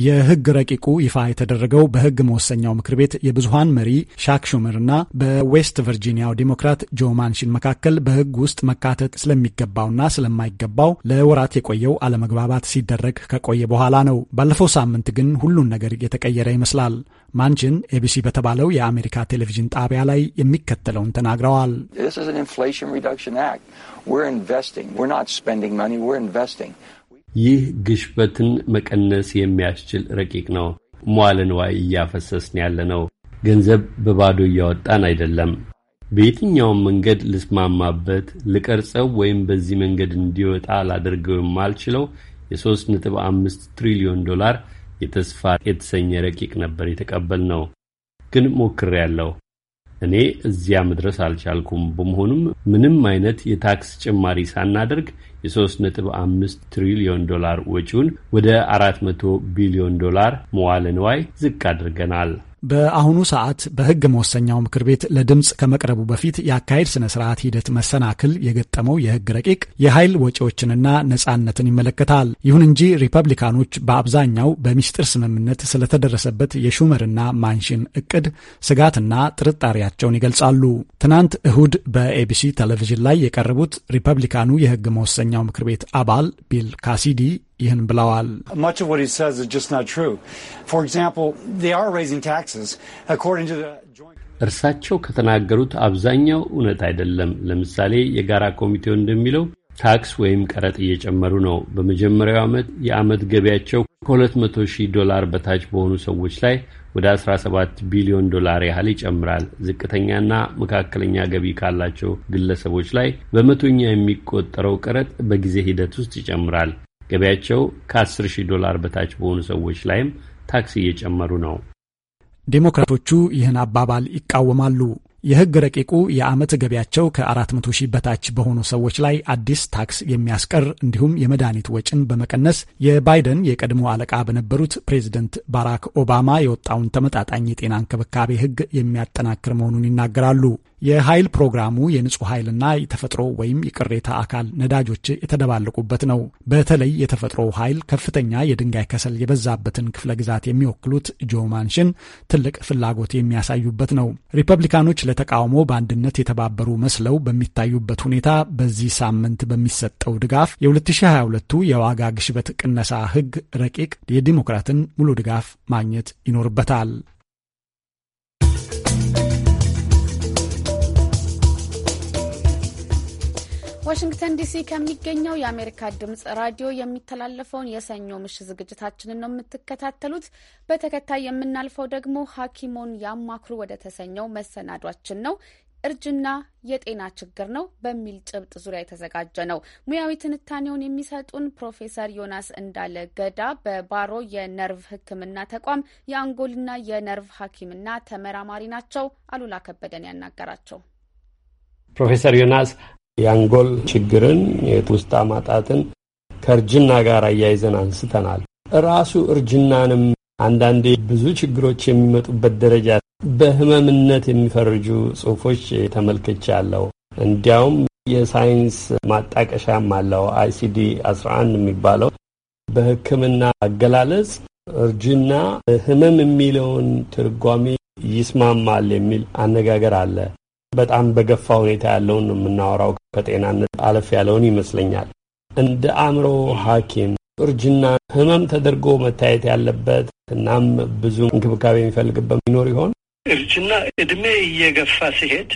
Speaker 14: የህግ ረቂቁ ይፋ የተደረገው በህግ መወሰኛው ምክር ቤት የብዙሀን መሪ ሻክ እና በዌስት ቨርጂኒያው ዴሞክራት ጆ ማንሽን መካከል በህግ ውስጥ መካተት ስለሚገባውና ስለማይገባው ለወራት የቆየው አለመግባባት ሲደረግ ከቆየ በኋላ ነው። ባለፈው ሳምንት ግን ሁሉን ነገር የተቀየረ ይመስላል። ማንችን ኤቢሲ በተባለው የአሜሪካ ቴሌቪዥን ጣቢያ ላይ የሚከተለውን ተናግረዋል። ይህ ግሽበትን
Speaker 9: መቀነስ የሚያስችል ረቂቅ ነው። ሟልንዋይ ንዋይ እያፈሰስን ያለ ነው። ገንዘብ በባዶ እያወጣን አይደለም። በየትኛውም መንገድ ልስማማበት፣ ልቀርጸው ወይም በዚህ መንገድ እንዲወጣ ላደርገው የማልችለው የ35 ትሪሊዮን ዶላር የተስፋ የተሰኘ ረቂቅ ነበር ነው ግን ሞክሬያለሁ። እኔ እዚያ መድረስ አልቻልኩም። በመሆኑም ምንም አይነት የታክስ ጭማሪ ሳናደርግ የ3.5 ትሪሊዮን ዶላር ወጪውን ወደ 400 ቢሊዮን ዶላር መዋለ ዝቅ አድርገናል።
Speaker 14: በአሁኑ ሰዓት በሕግ መወሰኛው ምክር ቤት ለድምፅ ከመቅረቡ በፊት የአካሄድ ስነ ስርዓት ሂደት መሰናክል የገጠመው የሕግ ረቂቅ የኃይል ወጪዎችንና ነጻነትን ይመለከታል። ይሁን እንጂ ሪፐብሊካኖች በአብዛኛው በሚስጥር ስምምነት ስለተደረሰበት የሹመርና ማንሽን እቅድ ስጋትና ጥርጣሬያቸውን ይገልጻሉ። ትናንት እሁድ በኤቢሲ ቴሌቪዥን ላይ የቀረቡት ሪፐብሊካኑ የሕግ መወሰኛው ምክር ቤት አባል ቢል ካሲዲ ይህን ብለዋል።
Speaker 9: እርሳቸው ከተናገሩት አብዛኛው እውነት አይደለም። ለምሳሌ የጋራ ኮሚቴው እንደሚለው ታክስ ወይም ቀረጥ እየጨመሩ ነው። በመጀመሪያው ዓመት የዓመት ገቢያቸው ከ200 ሺህ ዶላር በታች በሆኑ ሰዎች ላይ ወደ 17 ቢሊዮን ዶላር ያህል ይጨምራል። ዝቅተኛና መካከለኛ ገቢ ካላቸው ግለሰቦች ላይ በመቶኛ የሚቆጠረው ቀረጥ በጊዜ ሂደት ውስጥ ይጨምራል። ገቢያቸው ከ10 ሺህ ዶላር በታች በሆኑ ሰዎች ላይም ታክስ እየጨመሩ ነው።
Speaker 14: ዴሞክራቶቹ ይህን አባባል ይቃወማሉ። የሕግ ረቂቁ የዓመት ገቢያቸው ከ400 ሺህ በታች በሆኑ ሰዎች ላይ አዲስ ታክስ የሚያስቀር እንዲሁም የመድኃኒት ወጪን በመቀነስ የባይደን የቀድሞ አለቃ በነበሩት ፕሬዚደንት ባራክ ኦባማ የወጣውን ተመጣጣኝ የጤና እንክብካቤ ሕግ የሚያጠናክር መሆኑን ይናገራሉ። የኃይል ፕሮግራሙ የንጹህ ኃይልና የተፈጥሮ ወይም የቅሬታ አካል ነዳጆች የተደባለቁበት ነው። በተለይ የተፈጥሮ ኃይል ከፍተኛ የድንጋይ ከሰል የበዛበትን ክፍለ ግዛት የሚወክሉት ጆ ማንሽን ትልቅ ፍላጎት የሚያሳዩበት ነው። ሪፐብሊካኖች ለተቃውሞ በአንድነት የተባበሩ መስለው በሚታዩበት ሁኔታ በዚህ ሳምንት በሚሰጠው ድጋፍ የ2022ቱ የዋጋ ግሽበት ቅነሳ ሕግ ረቂቅ የዲሞክራትን ሙሉ ድጋፍ ማግኘት ይኖርበታል።
Speaker 1: ዋሽንግተን ዲሲ ከሚገኘው የአሜሪካ ድምፅ ራዲዮ የሚተላለፈውን የሰኞ ምሽት ዝግጅታችንን ነው የምትከታተሉት። በተከታይ የምናልፈው ደግሞ ሐኪሞን ያማክሩ ወደ ተሰኘው መሰናዷችን ነው። እርጅና የጤና ችግር ነው በሚል ጭብጥ ዙሪያ የተዘጋጀ ነው። ሙያዊ ትንታኔውን የሚሰጡን ፕሮፌሰር ዮናስ እንዳለ ገዳ በባሮ የነርቭ ሕክምና ተቋም የአንጎልና የነርቭ ሐኪምና ተመራማሪ ናቸው። አሉላ ከበደን ያናገራቸው
Speaker 9: ፕሮፌሰር ዮናስ የአንጎል ችግርን፣ የትውስታ ማጣትን ከእርጅና ጋር አያይዘን አንስተናል። ራሱ እርጅናንም አንዳንዴ ብዙ ችግሮች የሚመጡበት ደረጃ በህመምነት የሚፈርጁ ጽሁፎች ተመልክቻለሁ። እንዲያውም የሳይንስ ማጣቀሻም አለው አይሲዲ 11 የሚባለው በሕክምና አገላለጽ እርጅና ህመም የሚለውን ትርጓሜ ይስማማል የሚል አነጋገር አለ። በጣም በገፋ ሁኔታ ያለውን የምናወራው። ከጤናነት አለፍ ያለውን ይመስለኛል። እንደ አእምሮ ሐኪም እርጅና ህመም ተደርጎ መታየት ያለበት እናም ብዙ እንክብካቤ የሚፈልግበት ይኖር ይሆን?
Speaker 6: እርጅና እድሜ እየገፋ ሲሄድ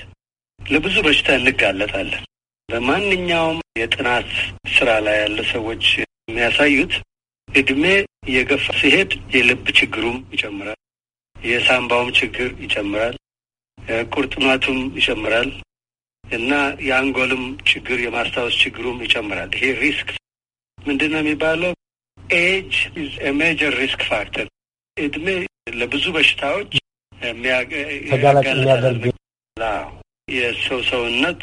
Speaker 6: ለብዙ በሽታ እንጋለጣለን። በማንኛውም የጥናት ስራ ላይ ያለ ሰዎች የሚያሳዩት እድሜ እየገፋ ሲሄድ የልብ ችግሩም ይጨምራል፣ የሳምባውም ችግር ይጨምራል፣ ቁርጥማቱም ይጨምራል እና የአንጎልም ችግር የማስታወስ ችግሩም ይጨምራል። ይሄ ሪስክ ምንድን ነው የሚባለው? ኤጅ ኢዝ ሜጀር ሪስክ ፋክተር። እድሜ ለብዙ በሽታዎች የሚያጋልጣል። የሰው ሰውነት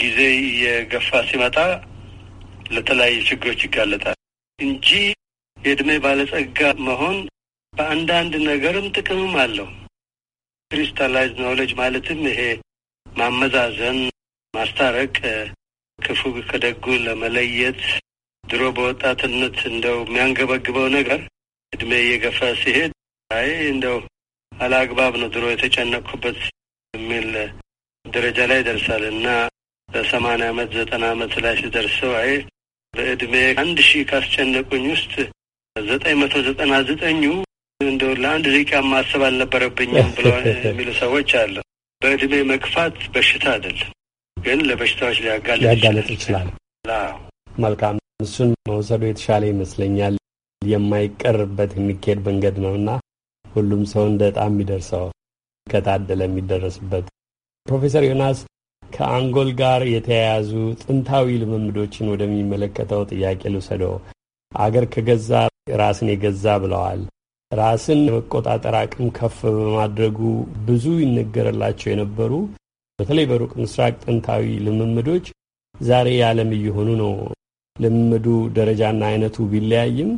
Speaker 6: ጊዜ እየገፋ ሲመጣ ለተለያዩ ችግሮች ይጋለጣል እንጂ የእድሜ ባለጸጋ መሆን በአንዳንድ ነገርም ጥቅምም አለው። ክሪስታላይዝ ኖሌጅ ማለትም ይሄ ማመዛዘን፣ ማስታረቅ፣ ክፉ ከደጉ ለመለየት ድሮ በወጣትነት እንደው የሚያንገበግበው ነገር እድሜ እየገፋ ሲሄድ አይ እንደው አላግባብ ነው ድሮ የተጨነቅኩበት የሚል ደረጃ ላይ ይደርሳል እና በሰማንያ አመት ዘጠና አመት ላይ ሲደርሰው አይ በእድሜ አንድ ሺህ ካስጨነቁኝ ውስጥ ዘጠኝ መቶ ዘጠና ዘጠኙ እንደ ለአንድ ደቂቃ ማሰብ አልነበረብኝም ብሎ የሚሉ ሰዎች አሉ። በእድሜ መግፋት በሽታ አይደለም፣ ግን ለበሽታዎች ሊያጋለጥ
Speaker 9: ይችላል። መልካም እሱን መውሰዱ የተሻለ ይመስለኛል። የማይቀርበት የሚካሄድ መንገድ ነውና ሁሉም ሰው እንደ ጣም የሚደርሰው ከታደለ የሚደረስበት። ፕሮፌሰር ዮናስ ከአንጎል ጋር የተያያዙ ጥንታዊ ልምምዶችን ወደሚመለከተው ጥያቄ ልውሰደው። አገር ከገዛ ራስን የገዛ ብለዋል። ራስን የመቆጣጠር አቅም ከፍ በማድረጉ ብዙ ይነገርላቸው የነበሩ በተለይ በሩቅ ምስራቅ ጥንታዊ ልምምዶች ዛሬ የዓለም እየሆኑ ነው። ልምምዱ ደረጃና አይነቱ ቢለያይም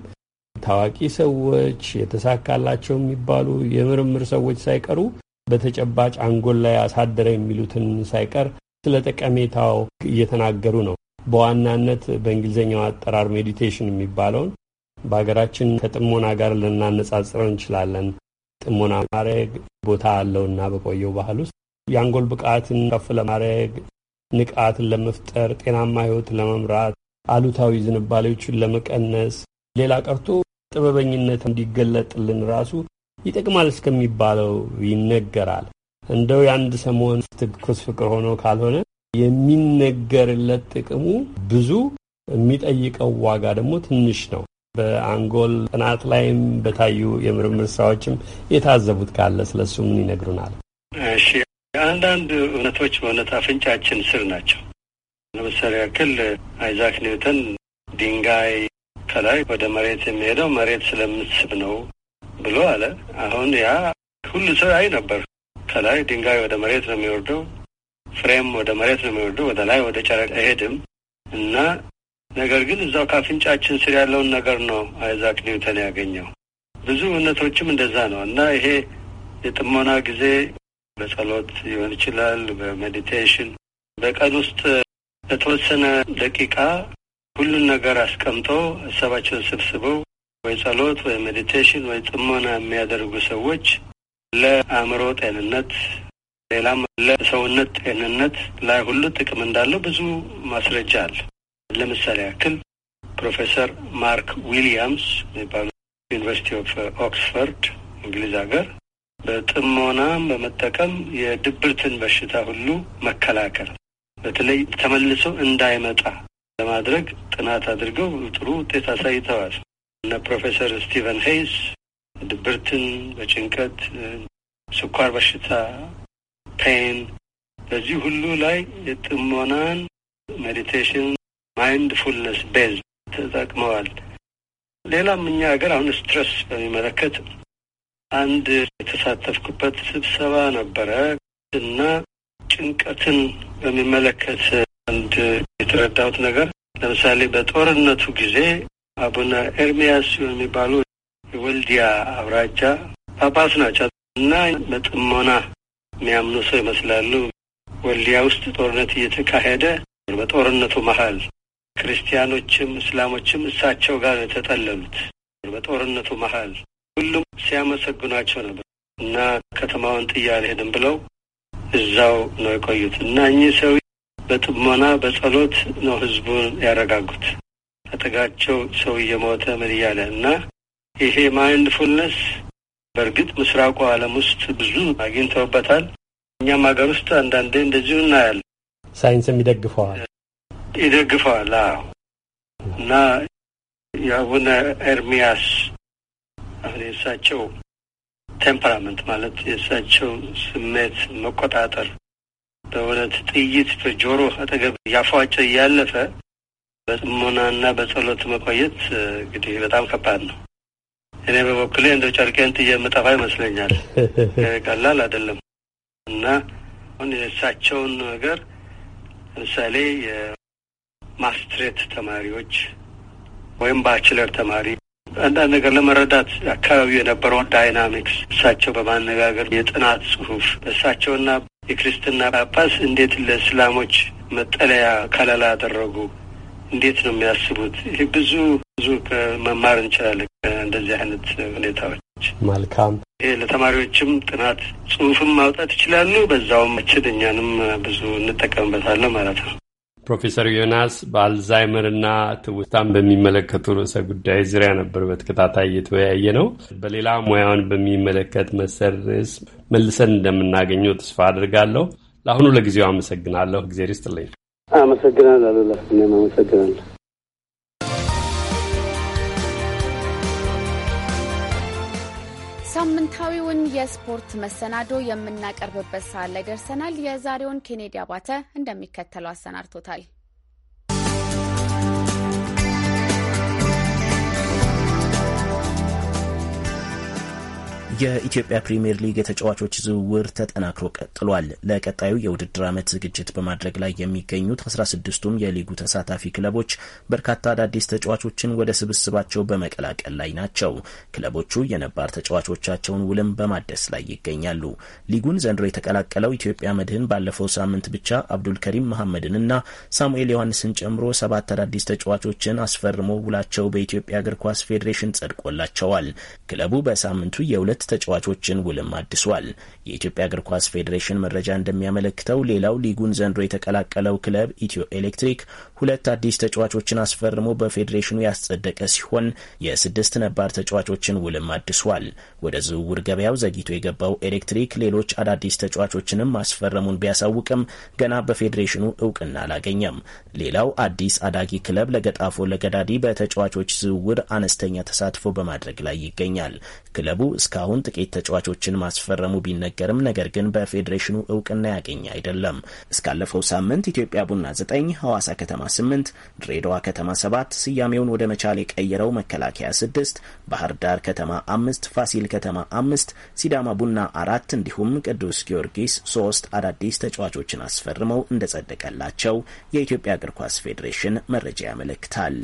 Speaker 9: ታዋቂ ሰዎች፣ የተሳካላቸው የሚባሉ የምርምር ሰዎች ሳይቀሩ በተጨባጭ አንጎል ላይ አሳደረ የሚሉትን ሳይቀር ስለ ጠቀሜታው እየተናገሩ ነው። በዋናነት በእንግሊዝኛው አጠራር ሜዲቴሽን የሚባለውን በሀገራችን ከጥሞና ጋር ልናነጻጽረው እንችላለን። ጥሞና ማድረግ ቦታ አለውና በቆየው ባህል ውስጥ የአንጎል ብቃትን ከፍ ለማድረግ ንቃትን ለመፍጠር፣ ጤናማ ህይወት ለመምራት፣ አሉታዊ ዝንባሌዎችን ለመቀነስ፣ ሌላ ቀርቶ ጥበበኝነት እንዲገለጥልን ራሱ ይጠቅማል እስከሚባለው ይነገራል። እንደው የአንድ ሰሞን ትኩስ ፍቅር ሆኖ ካልሆነ የሚነገርለት ጥቅሙ ብዙ፣ የሚጠይቀው ዋጋ ደግሞ ትንሽ ነው። በአንጎል ጥናት ላይም በታዩ የምርምር ስራዎችም የታዘቡት ካለ ስለሱ ምን ይነግሩናል?
Speaker 6: እሺ፣ አንዳንድ እውነቶች በእውነት አፍንጫችን ስር ናቸው። ለምሳሌ ያክል አይዛክ ኒውተን ድንጋይ ከላይ ወደ መሬት የሚሄደው መሬት ስለምትስብ ነው ብሎ አለ። አሁን ያ ሁሉ ሰው አይ ነበር። ከላይ ድንጋይ ወደ መሬት ነው የሚወርደው፣ ፍሬም ወደ መሬት ነው የሚወርደው፣ ወደ ላይ ወደ ጨረቃ አይሄድም እና ነገር ግን እዛው ከአፍንጫችን ስር ያለውን ነገር ነው አይዛክ ኒውተን ያገኘው። ብዙ እውነቶችም እንደዛ ነው እና ይሄ የጥሞና ጊዜ በጸሎት ሊሆን ይችላል፣ በሜዲቴሽን በቀን ውስጥ ለተወሰነ ደቂቃ ሁሉን ነገር አስቀምጦ ሀሳባቸውን ሰብስበው ወይ ጸሎት ወይ ሜዲቴሽን ወይ ጥሞና የሚያደርጉ ሰዎች ለአእምሮ ጤንነት፣ ሌላም ለሰውነት ጤንነት ላይ ሁሉ ጥቅም እንዳለው ብዙ ማስረጃ አለ። ለምሳሌ ያክል ፕሮፌሰር ማርክ ዊሊያምስ የሚባሉ ዩኒቨርሲቲ ኦፍ ኦክስፈርድ እንግሊዝ ሀገር በጥሞና በመጠቀም የድብርትን በሽታ ሁሉ መከላከል በተለይ ተመልሶ እንዳይመጣ ለማድረግ ጥናት አድርገው ጥሩ ውጤት አሳይተዋል። እነ ፕሮፌሰር ስቲቨን ሄይስ ድብርትን በጭንቀት ስኳር በሽታ ፔን፣ በዚህ ሁሉ ላይ የጥሞናን ሜዲቴሽን ማይንድፉልነስ ቤዝ ተጠቅመዋል። ሌላም እኛ ሀገር አሁን ስትረስ በሚመለከት አንድ የተሳተፍኩበት ስብሰባ ነበረ እና ጭንቀትን በሚመለከት አንድ የተረዳሁት ነገር ለምሳሌ በጦርነቱ ጊዜ አቡነ ኤርሚያስ የሚባሉ የወልዲያ አብራጃ ጳጳስ ናቸው እና በጥሞና የሚያምኑ ሰው ይመስላሉ። ወልዲያ ውስጥ ጦርነት እየተካሄደ በጦርነቱ መሀል ክርስቲያኖችም እስላሞችም እሳቸው ጋር የተጠለሉት። በጦርነቱ መሀል ሁሉም ሲያመሰግኗቸው ነበር እና ከተማውን ጥዬ አልሄድም ብለው እዛው ነው የቆዩት እና እኚህ ሰው በጥሞና በጸሎት ነው ህዝቡን ያረጋጉት። አጠጋቸው ሰው እየሞተ ምን እያለ እና ይሄ ማይንድፉልነስ በእርግጥ ምስራቁ ዓለም ውስጥ ብዙ አግኝተውበታል። እኛም ሀገር ውስጥ አንዳንዴ እንደዚሁ እናያለን።
Speaker 9: ሳይንስም ይደግፈዋል።
Speaker 6: ይደግፈዋል እና የአቡነ ኤርሚያስ አሁን የእሳቸው ቴምፐራመንት ማለት የእሳቸው ስሜት መቆጣጠር በእውነት ጥይት በጆሮ አጠገብ ያፏጨ እያለፈ በጥሞናና በጸሎት መቆየት እንግዲህ በጣም ከባድ ነው። እኔ በበኩሌ እንደ ጨርቄን ጥዬ የምጠፋ ይመስለኛል። ቀላል አይደለም እና አሁን የእሳቸውን ነገር ለምሳሌ ማስትሬት ተማሪዎች ወይም ባችለር ተማሪ አንዳንድ ነገር ለመረዳት አካባቢው የነበረውን ዳይናሚክስ እሳቸው በማነጋገር የጥናት ጽሁፍ እሳቸውና የክርስትና ጳጳስ እንዴት ለእስላሞች መጠለያ ከለላ አደረጉ፣ እንዴት ነው የሚያስቡት? ይህ ብዙ ብዙ መማር እንችላለን እንደዚህ አይነት ሁኔታዎች። መልካም። ይሄ ለተማሪዎችም ጥናት ጽሁፍም ማውጣት ይችላሉ። በዛውም እችል እኛንም ብዙ እንጠቀምበታለን ማለት ነው።
Speaker 9: ፕሮፌሰር ዮናስ በአልዛይመርና ትውስታን በሚመለከቱ ርዕሰ ጉዳይ ዙሪያ ነበር በተከታታይ እየተወያየ ነው። በሌላ ሙያውን በሚመለከት መሰል ርዕስ መልሰን እንደምናገኘው ተስፋ አድርጋለሁ። ለአሁኑ ለጊዜው አመሰግናለሁ። እግዜር ይስጥልኝ።
Speaker 6: አመሰግናለሁ። አሉላ። እኔም አመሰግናለሁ።
Speaker 1: ሳምንታዊውን የስፖርት መሰናዶ የምናቀርብበት ሰዓት ላይ ደርሰናል። የዛሬውን ኬኔዲ አባተ እንደሚከተለው አሰናድቶታል።
Speaker 2: የኢትዮጵያ ፕሪምየር ሊግ የተጫዋቾች ዝውውር ተጠናክሮ ቀጥሏል። ለቀጣዩ የውድድር ዓመት ዝግጅት በማድረግ ላይ የሚገኙት 16ቱም የሊጉ ተሳታፊ ክለቦች በርካታ አዳዲስ ተጫዋቾችን ወደ ስብስባቸው በመቀላቀል ላይ ናቸው። ክለቦቹ የነባር ተጫዋቾቻቸውን ውልም በማደስ ላይ ይገኛሉ። ሊጉን ዘንድሮ የተቀላቀለው ኢትዮጵያ መድህን ባለፈው ሳምንት ብቻ አብዱልከሪም መሐመድንና ሳሙኤል ዮሐንስን ጨምሮ ሰባት አዳዲስ ተጫዋቾችን አስፈርሞ ውላቸው በኢትዮጵያ እግር ኳስ ፌዴሬሽን ጸድቆላቸዋል። ክለቡ በሳምንቱ የሁለት ተጫዋቾችን ውልም አድሷል። የኢትዮጵያ እግር ኳስ ፌዴሬሽን መረጃ እንደሚያመለክተው ሌላው ሊጉን ዘንድሮ የተቀላቀለው ክለብ ኢትዮ ኤሌክትሪክ ሁለት አዲስ ተጫዋቾችን አስፈርሞ በፌዴሬሽኑ ያስጸደቀ ሲሆን የስድስት ነባር ተጫዋቾችን ውልም አድሷል። ወደ ዝውውር ገበያው ዘግይቶ የገባው ኤሌክትሪክ ሌሎች አዳዲስ ተጫዋቾችንም ማስፈረሙን ቢያሳውቅም ገና በፌዴሬሽኑ እውቅና አላገኘም። ሌላው አዲስ አዳጊ ክለብ ለገጣፎ ለገዳዲ በተጫዋቾች ዝውውር አነስተኛ ተሳትፎ በማድረግ ላይ ይገኛል። ክለቡ እስካሁን እስካሁን ጥቂት ተጫዋቾችን ማስፈረሙ ቢነገርም ነገር ግን በፌዴሬሽኑ እውቅና ያገኘ አይደለም። እስካለፈው ሳምንት ኢትዮጵያ ቡና 9፣ ሐዋሳ ከተማ 8፣ ድሬዳዋ ከተማ 7፣ ስያሜውን ወደ መቻል የቀየረው መከላከያ 6፣ ባህር ዳር ከተማ 5፣ ፋሲል ከተማ 5፣ ሲዳማ ቡና 4 እንዲሁም ቅዱስ ጊዮርጊስ 3 አዳዲስ ተጫዋቾችን አስፈርመው እንደጸደቀላቸው የኢትዮጵያ እግር ኳስ ፌዴሬሽን መረጃ ያመለክታል።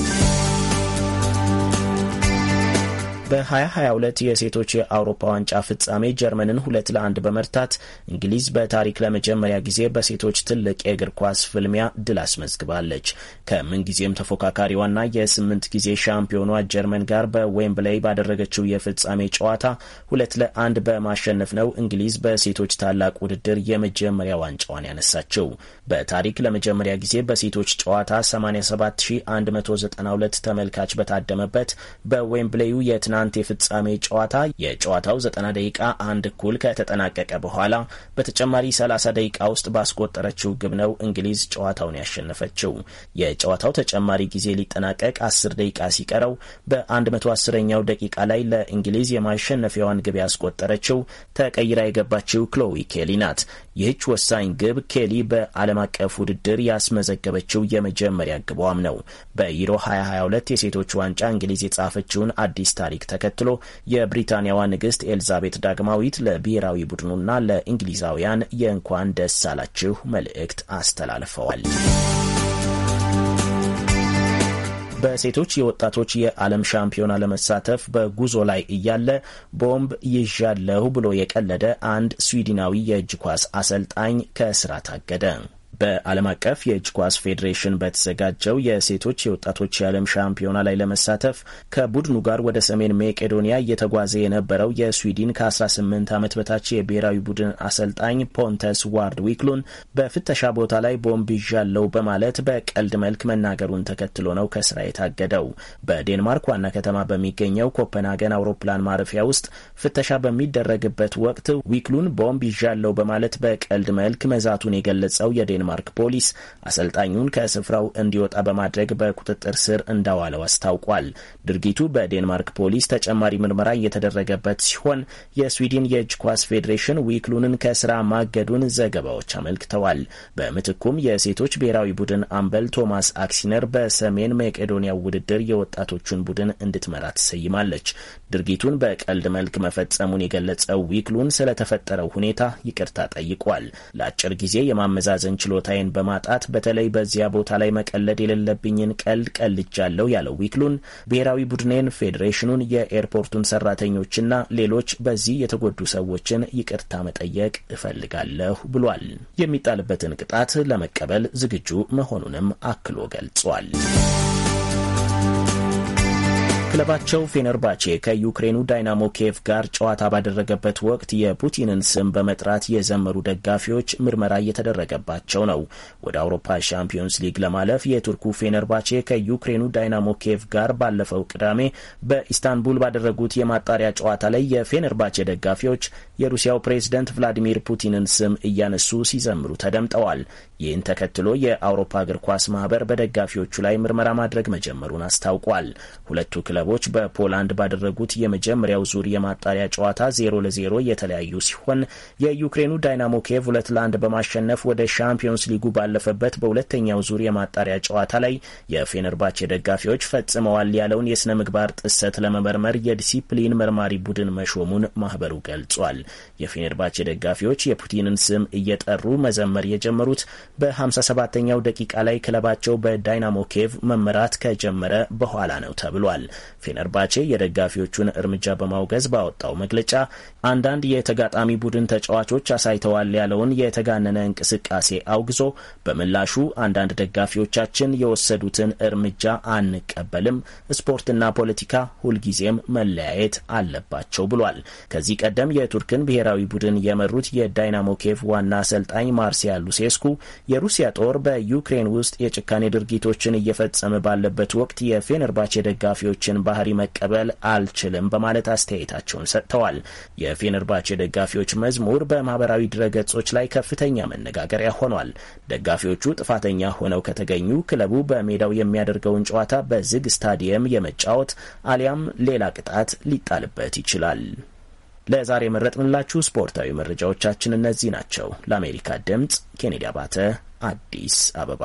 Speaker 2: በ2022 የሴቶች የአውሮፓ ዋንጫ ፍጻሜ ጀርመንን ሁለት ለአንድ በመርታት እንግሊዝ በታሪክ ለመጀመሪያ ጊዜ በሴቶች ትልቅ የእግር ኳስ ፍልሚያ ድል አስመዝግባለች። ከምንጊዜም ተፎካካሪዋና የስምንት ጊዜ ሻምፒዮኗ ጀርመን ጋር በዌምብላይ ባደረገችው የፍጻሜ ጨዋታ ሁለት ለአንድ በማሸነፍ ነው እንግሊዝ በሴቶች ታላቅ ውድድር የመጀመሪያ ዋንጫዋን ያነሳችው በታሪክ ለመጀመሪያ ጊዜ በሴቶች ጨዋታ 87192 ተመልካች በታደመበት በዌምብላዩ የትና በትናንት የፍጻሜ ጨዋታ የጨዋታው 90 ደቂቃ አንድ እኩል ከተጠናቀቀ በኋላ በተጨማሪ 30 ደቂቃ ውስጥ ባስቆጠረችው ግብ ነው እንግሊዝ ጨዋታውን ያሸነፈችው። የጨዋታው ተጨማሪ ጊዜ ሊጠናቀቅ 10 ደቂቃ ሲቀረው በ110ኛው ደቂቃ ላይ ለእንግሊዝ የማሸነፊያዋን ግብ ያስቆጠረችው ተቀይራ የገባችው ክሎዊ ኬሊ ናት። ይህች ወሳኝ ግብ ኬሊ በዓለም አቀፍ ውድድር ያስመዘገበችው የመጀመሪያ ግቧም ነው። በዩሮ 2022 የሴቶች ዋንጫ እንግሊዝ የጻፈችውን አዲስ ታሪክ ተከትሎ የብሪታንያዋ ንግሥት ኤልዛቤት ዳግማዊት ለብሔራዊ ቡድኑና ለእንግሊዛውያን የእንኳን ደስ አላችሁ መልእክት አስተላልፈዋል። በሴቶች የወጣቶች የዓለም ሻምፒዮና ለመሳተፍ በጉዞ ላይ እያለ ቦምብ ይዣለሁ ብሎ የቀለደ አንድ ስዊድናዊ የእጅ ኳስ አሰልጣኝ ከስራ ታገደ። በዓለም አቀፍ የእጅ ኳስ ፌዴሬሽን በተዘጋጀው የሴቶች የወጣቶች የዓለም ሻምፒዮና ላይ ለመሳተፍ ከቡድኑ ጋር ወደ ሰሜን ሜቄዶኒያ እየተጓዘ የነበረው የስዊድን ከ18 ዓመት በታች የብሔራዊ ቡድን አሰልጣኝ ፖንተስ ዋርድ ዊክሉን በፍተሻ ቦታ ላይ ቦምብ ይዣለው በማለት በቀልድ መልክ መናገሩን ተከትሎ ነው ከስራ የታገደው። በዴንማርክ ዋና ከተማ በሚገኘው ኮፐንሃገን አውሮፕላን ማረፊያ ውስጥ ፍተሻ በሚደረግበት ወቅት ዊክሉን ቦምብ ይዣለው በማለት በቀልድ መልክ መዛቱን የገለጸው የዴን የዴንማርክ ፖሊስ አሰልጣኙን ከስፍራው እንዲወጣ በማድረግ በቁጥጥር ስር እንዳዋለው አስታውቋል። ድርጊቱ በዴንማርክ ፖሊስ ተጨማሪ ምርመራ እየተደረገበት ሲሆን የስዊድን የእጅ ኳስ ፌዴሬሽን ዊክሉንን ከስራ ማገዱን ዘገባዎች አመልክተዋል። በምትኩም የሴቶች ብሔራዊ ቡድን አምበል ቶማስ አክሲነር በሰሜን መቄዶንያ ውድድር የወጣቶቹን ቡድን እንድትመራ ትሰይማለች። ድርጊቱን በቀልድ መልክ መፈጸሙን የገለጸው ዊክሉን ስለተፈጠረው ሁኔታ ይቅርታ ጠይቋል። ለአጭር ጊዜ የማመዛዘን ችሎ ችሎታዬን በማጣት በተለይ በዚያ ቦታ ላይ መቀለድ የሌለብኝን ቀልድ ቀልጃለሁ ያለው ዊክሉን ብሔራዊ ቡድኔን፣ ፌዴሬሽኑን፣ የኤርፖርቱን ሰራተኞችና ሌሎች በዚህ የተጎዱ ሰዎችን ይቅርታ መጠየቅ እፈልጋለሁ ብሏል። የሚጣልበትን ቅጣት ለመቀበል ዝግጁ መሆኑንም አክሎ ገልጿል። ክለባቸው ፌነርባቼ ከዩክሬኑ ዳይናሞ ኬቭ ጋር ጨዋታ ባደረገበት ወቅት የፑቲንን ስም በመጥራት የዘመሩ ደጋፊዎች ምርመራ እየተደረገባቸው ነው። ወደ አውሮፓ ሻምፒዮንስ ሊግ ለማለፍ የቱርኩ ፌነርባቼ ከዩክሬኑ ዳይናሞ ኬቭ ጋር ባለፈው ቅዳሜ በኢስታንቡል ባደረጉት የማጣሪያ ጨዋታ ላይ የፌነርባቼ ደጋፊዎች የሩሲያው ፕሬዝደንት ቭላዲሚር ፑቲንን ስም እያነሱ ሲዘምሩ ተደምጠዋል። ይህን ተከትሎ የአውሮፓ እግር ኳስ ማህበር በደጋፊዎቹ ላይ ምርመራ ማድረግ መጀመሩን አስታውቋል። ሁለቱ ክለቦች በፖላንድ ባደረጉት የመጀመሪያው ዙር የማጣሪያ ጨዋታ ዜሮ ለዜሮ የተለያዩ ሲሆን የዩክሬኑ ዳይናሞ ኬቭ ሁለት ለአንድ በማሸነፍ ወደ ሻምፒዮንስ ሊጉ ባለፈበት በሁለተኛው ዙር የማጣሪያ ጨዋታ ላይ የፌነርባቼ ደጋፊዎች ፈጽመዋል ያለውን የሥነ ምግባር ጥሰት ለመመርመር የዲሲፕሊን መርማሪ ቡድን መሾሙን ማህበሩ ገልጿል። የፌነርባቼ ደጋፊዎች የፑቲንን ስም እየጠሩ መዘመር የጀመሩት በ57ኛው ደቂቃ ላይ ክለባቸው በዳይናሞ ኬቭ መመራት ከጀመረ በኋላ ነው ተብሏል። ፌነርባቼ የደጋፊዎቹን እርምጃ በማውገዝ ባወጣው መግለጫ አንዳንድ የተጋጣሚ ቡድን ተጫዋቾች አሳይተዋል ያለውን የተጋነነ እንቅስቃሴ አውግዞ በምላሹ አንዳንድ ደጋፊዎቻችን የወሰዱትን እርምጃ አንቀበልም፣ ስፖርትና ፖለቲካ ሁልጊዜም መለያየት አለባቸው ብሏል። ከዚህ ቀደም የቱርክን ብሔራዊ ቡድን የመሩት የዳይናሞ ኬቭ ዋና አሰልጣኝ ማርሲያ ሉሴስኩ የሩሲያ ጦር በዩክሬን ውስጥ የጭካኔ ድርጊቶችን እየፈጸመ ባለበት ወቅት የፌነርባቼ ደጋፊዎችን ባህሪ መቀበል አልችልም በማለት አስተያየታቸውን ሰጥተዋል። የፌነርባቼ ደጋፊዎች መዝሙር በማህበራዊ ድረገጾች ላይ ከፍተኛ መነጋገሪያ ሆኗል። ደጋፊዎቹ ጥፋተኛ ሆነው ከተገኙ ክለቡ በሜዳው የሚያደርገውን ጨዋታ በዝግ ስታዲየም የመጫወት አሊያም ሌላ ቅጣት ሊጣልበት ይችላል። ለዛሬ የመረጥንላችሁ ስፖርታዊ መረጃዎቻችን እነዚህ ናቸው። ለአሜሪካ ድምፅ ኬኔዲ አባተ፣ አዲስ አበባ።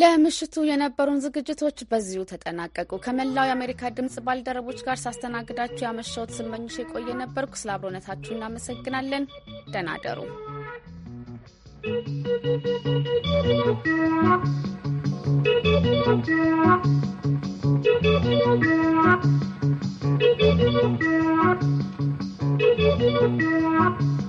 Speaker 1: ለምሽቱ የነበሩን ዝግጅቶች በዚሁ ተጠናቀቁ። ከመላው የአሜሪካ ድምፅ ባልደረቦች ጋር ሳስተናግዳችሁ ያመሸሁት ስመኝሽ የቆየ ነበርኩ። ስለ አብሮነታችሁ እናመሰግናለን። ደህና ደሩ። Thank
Speaker 2: you.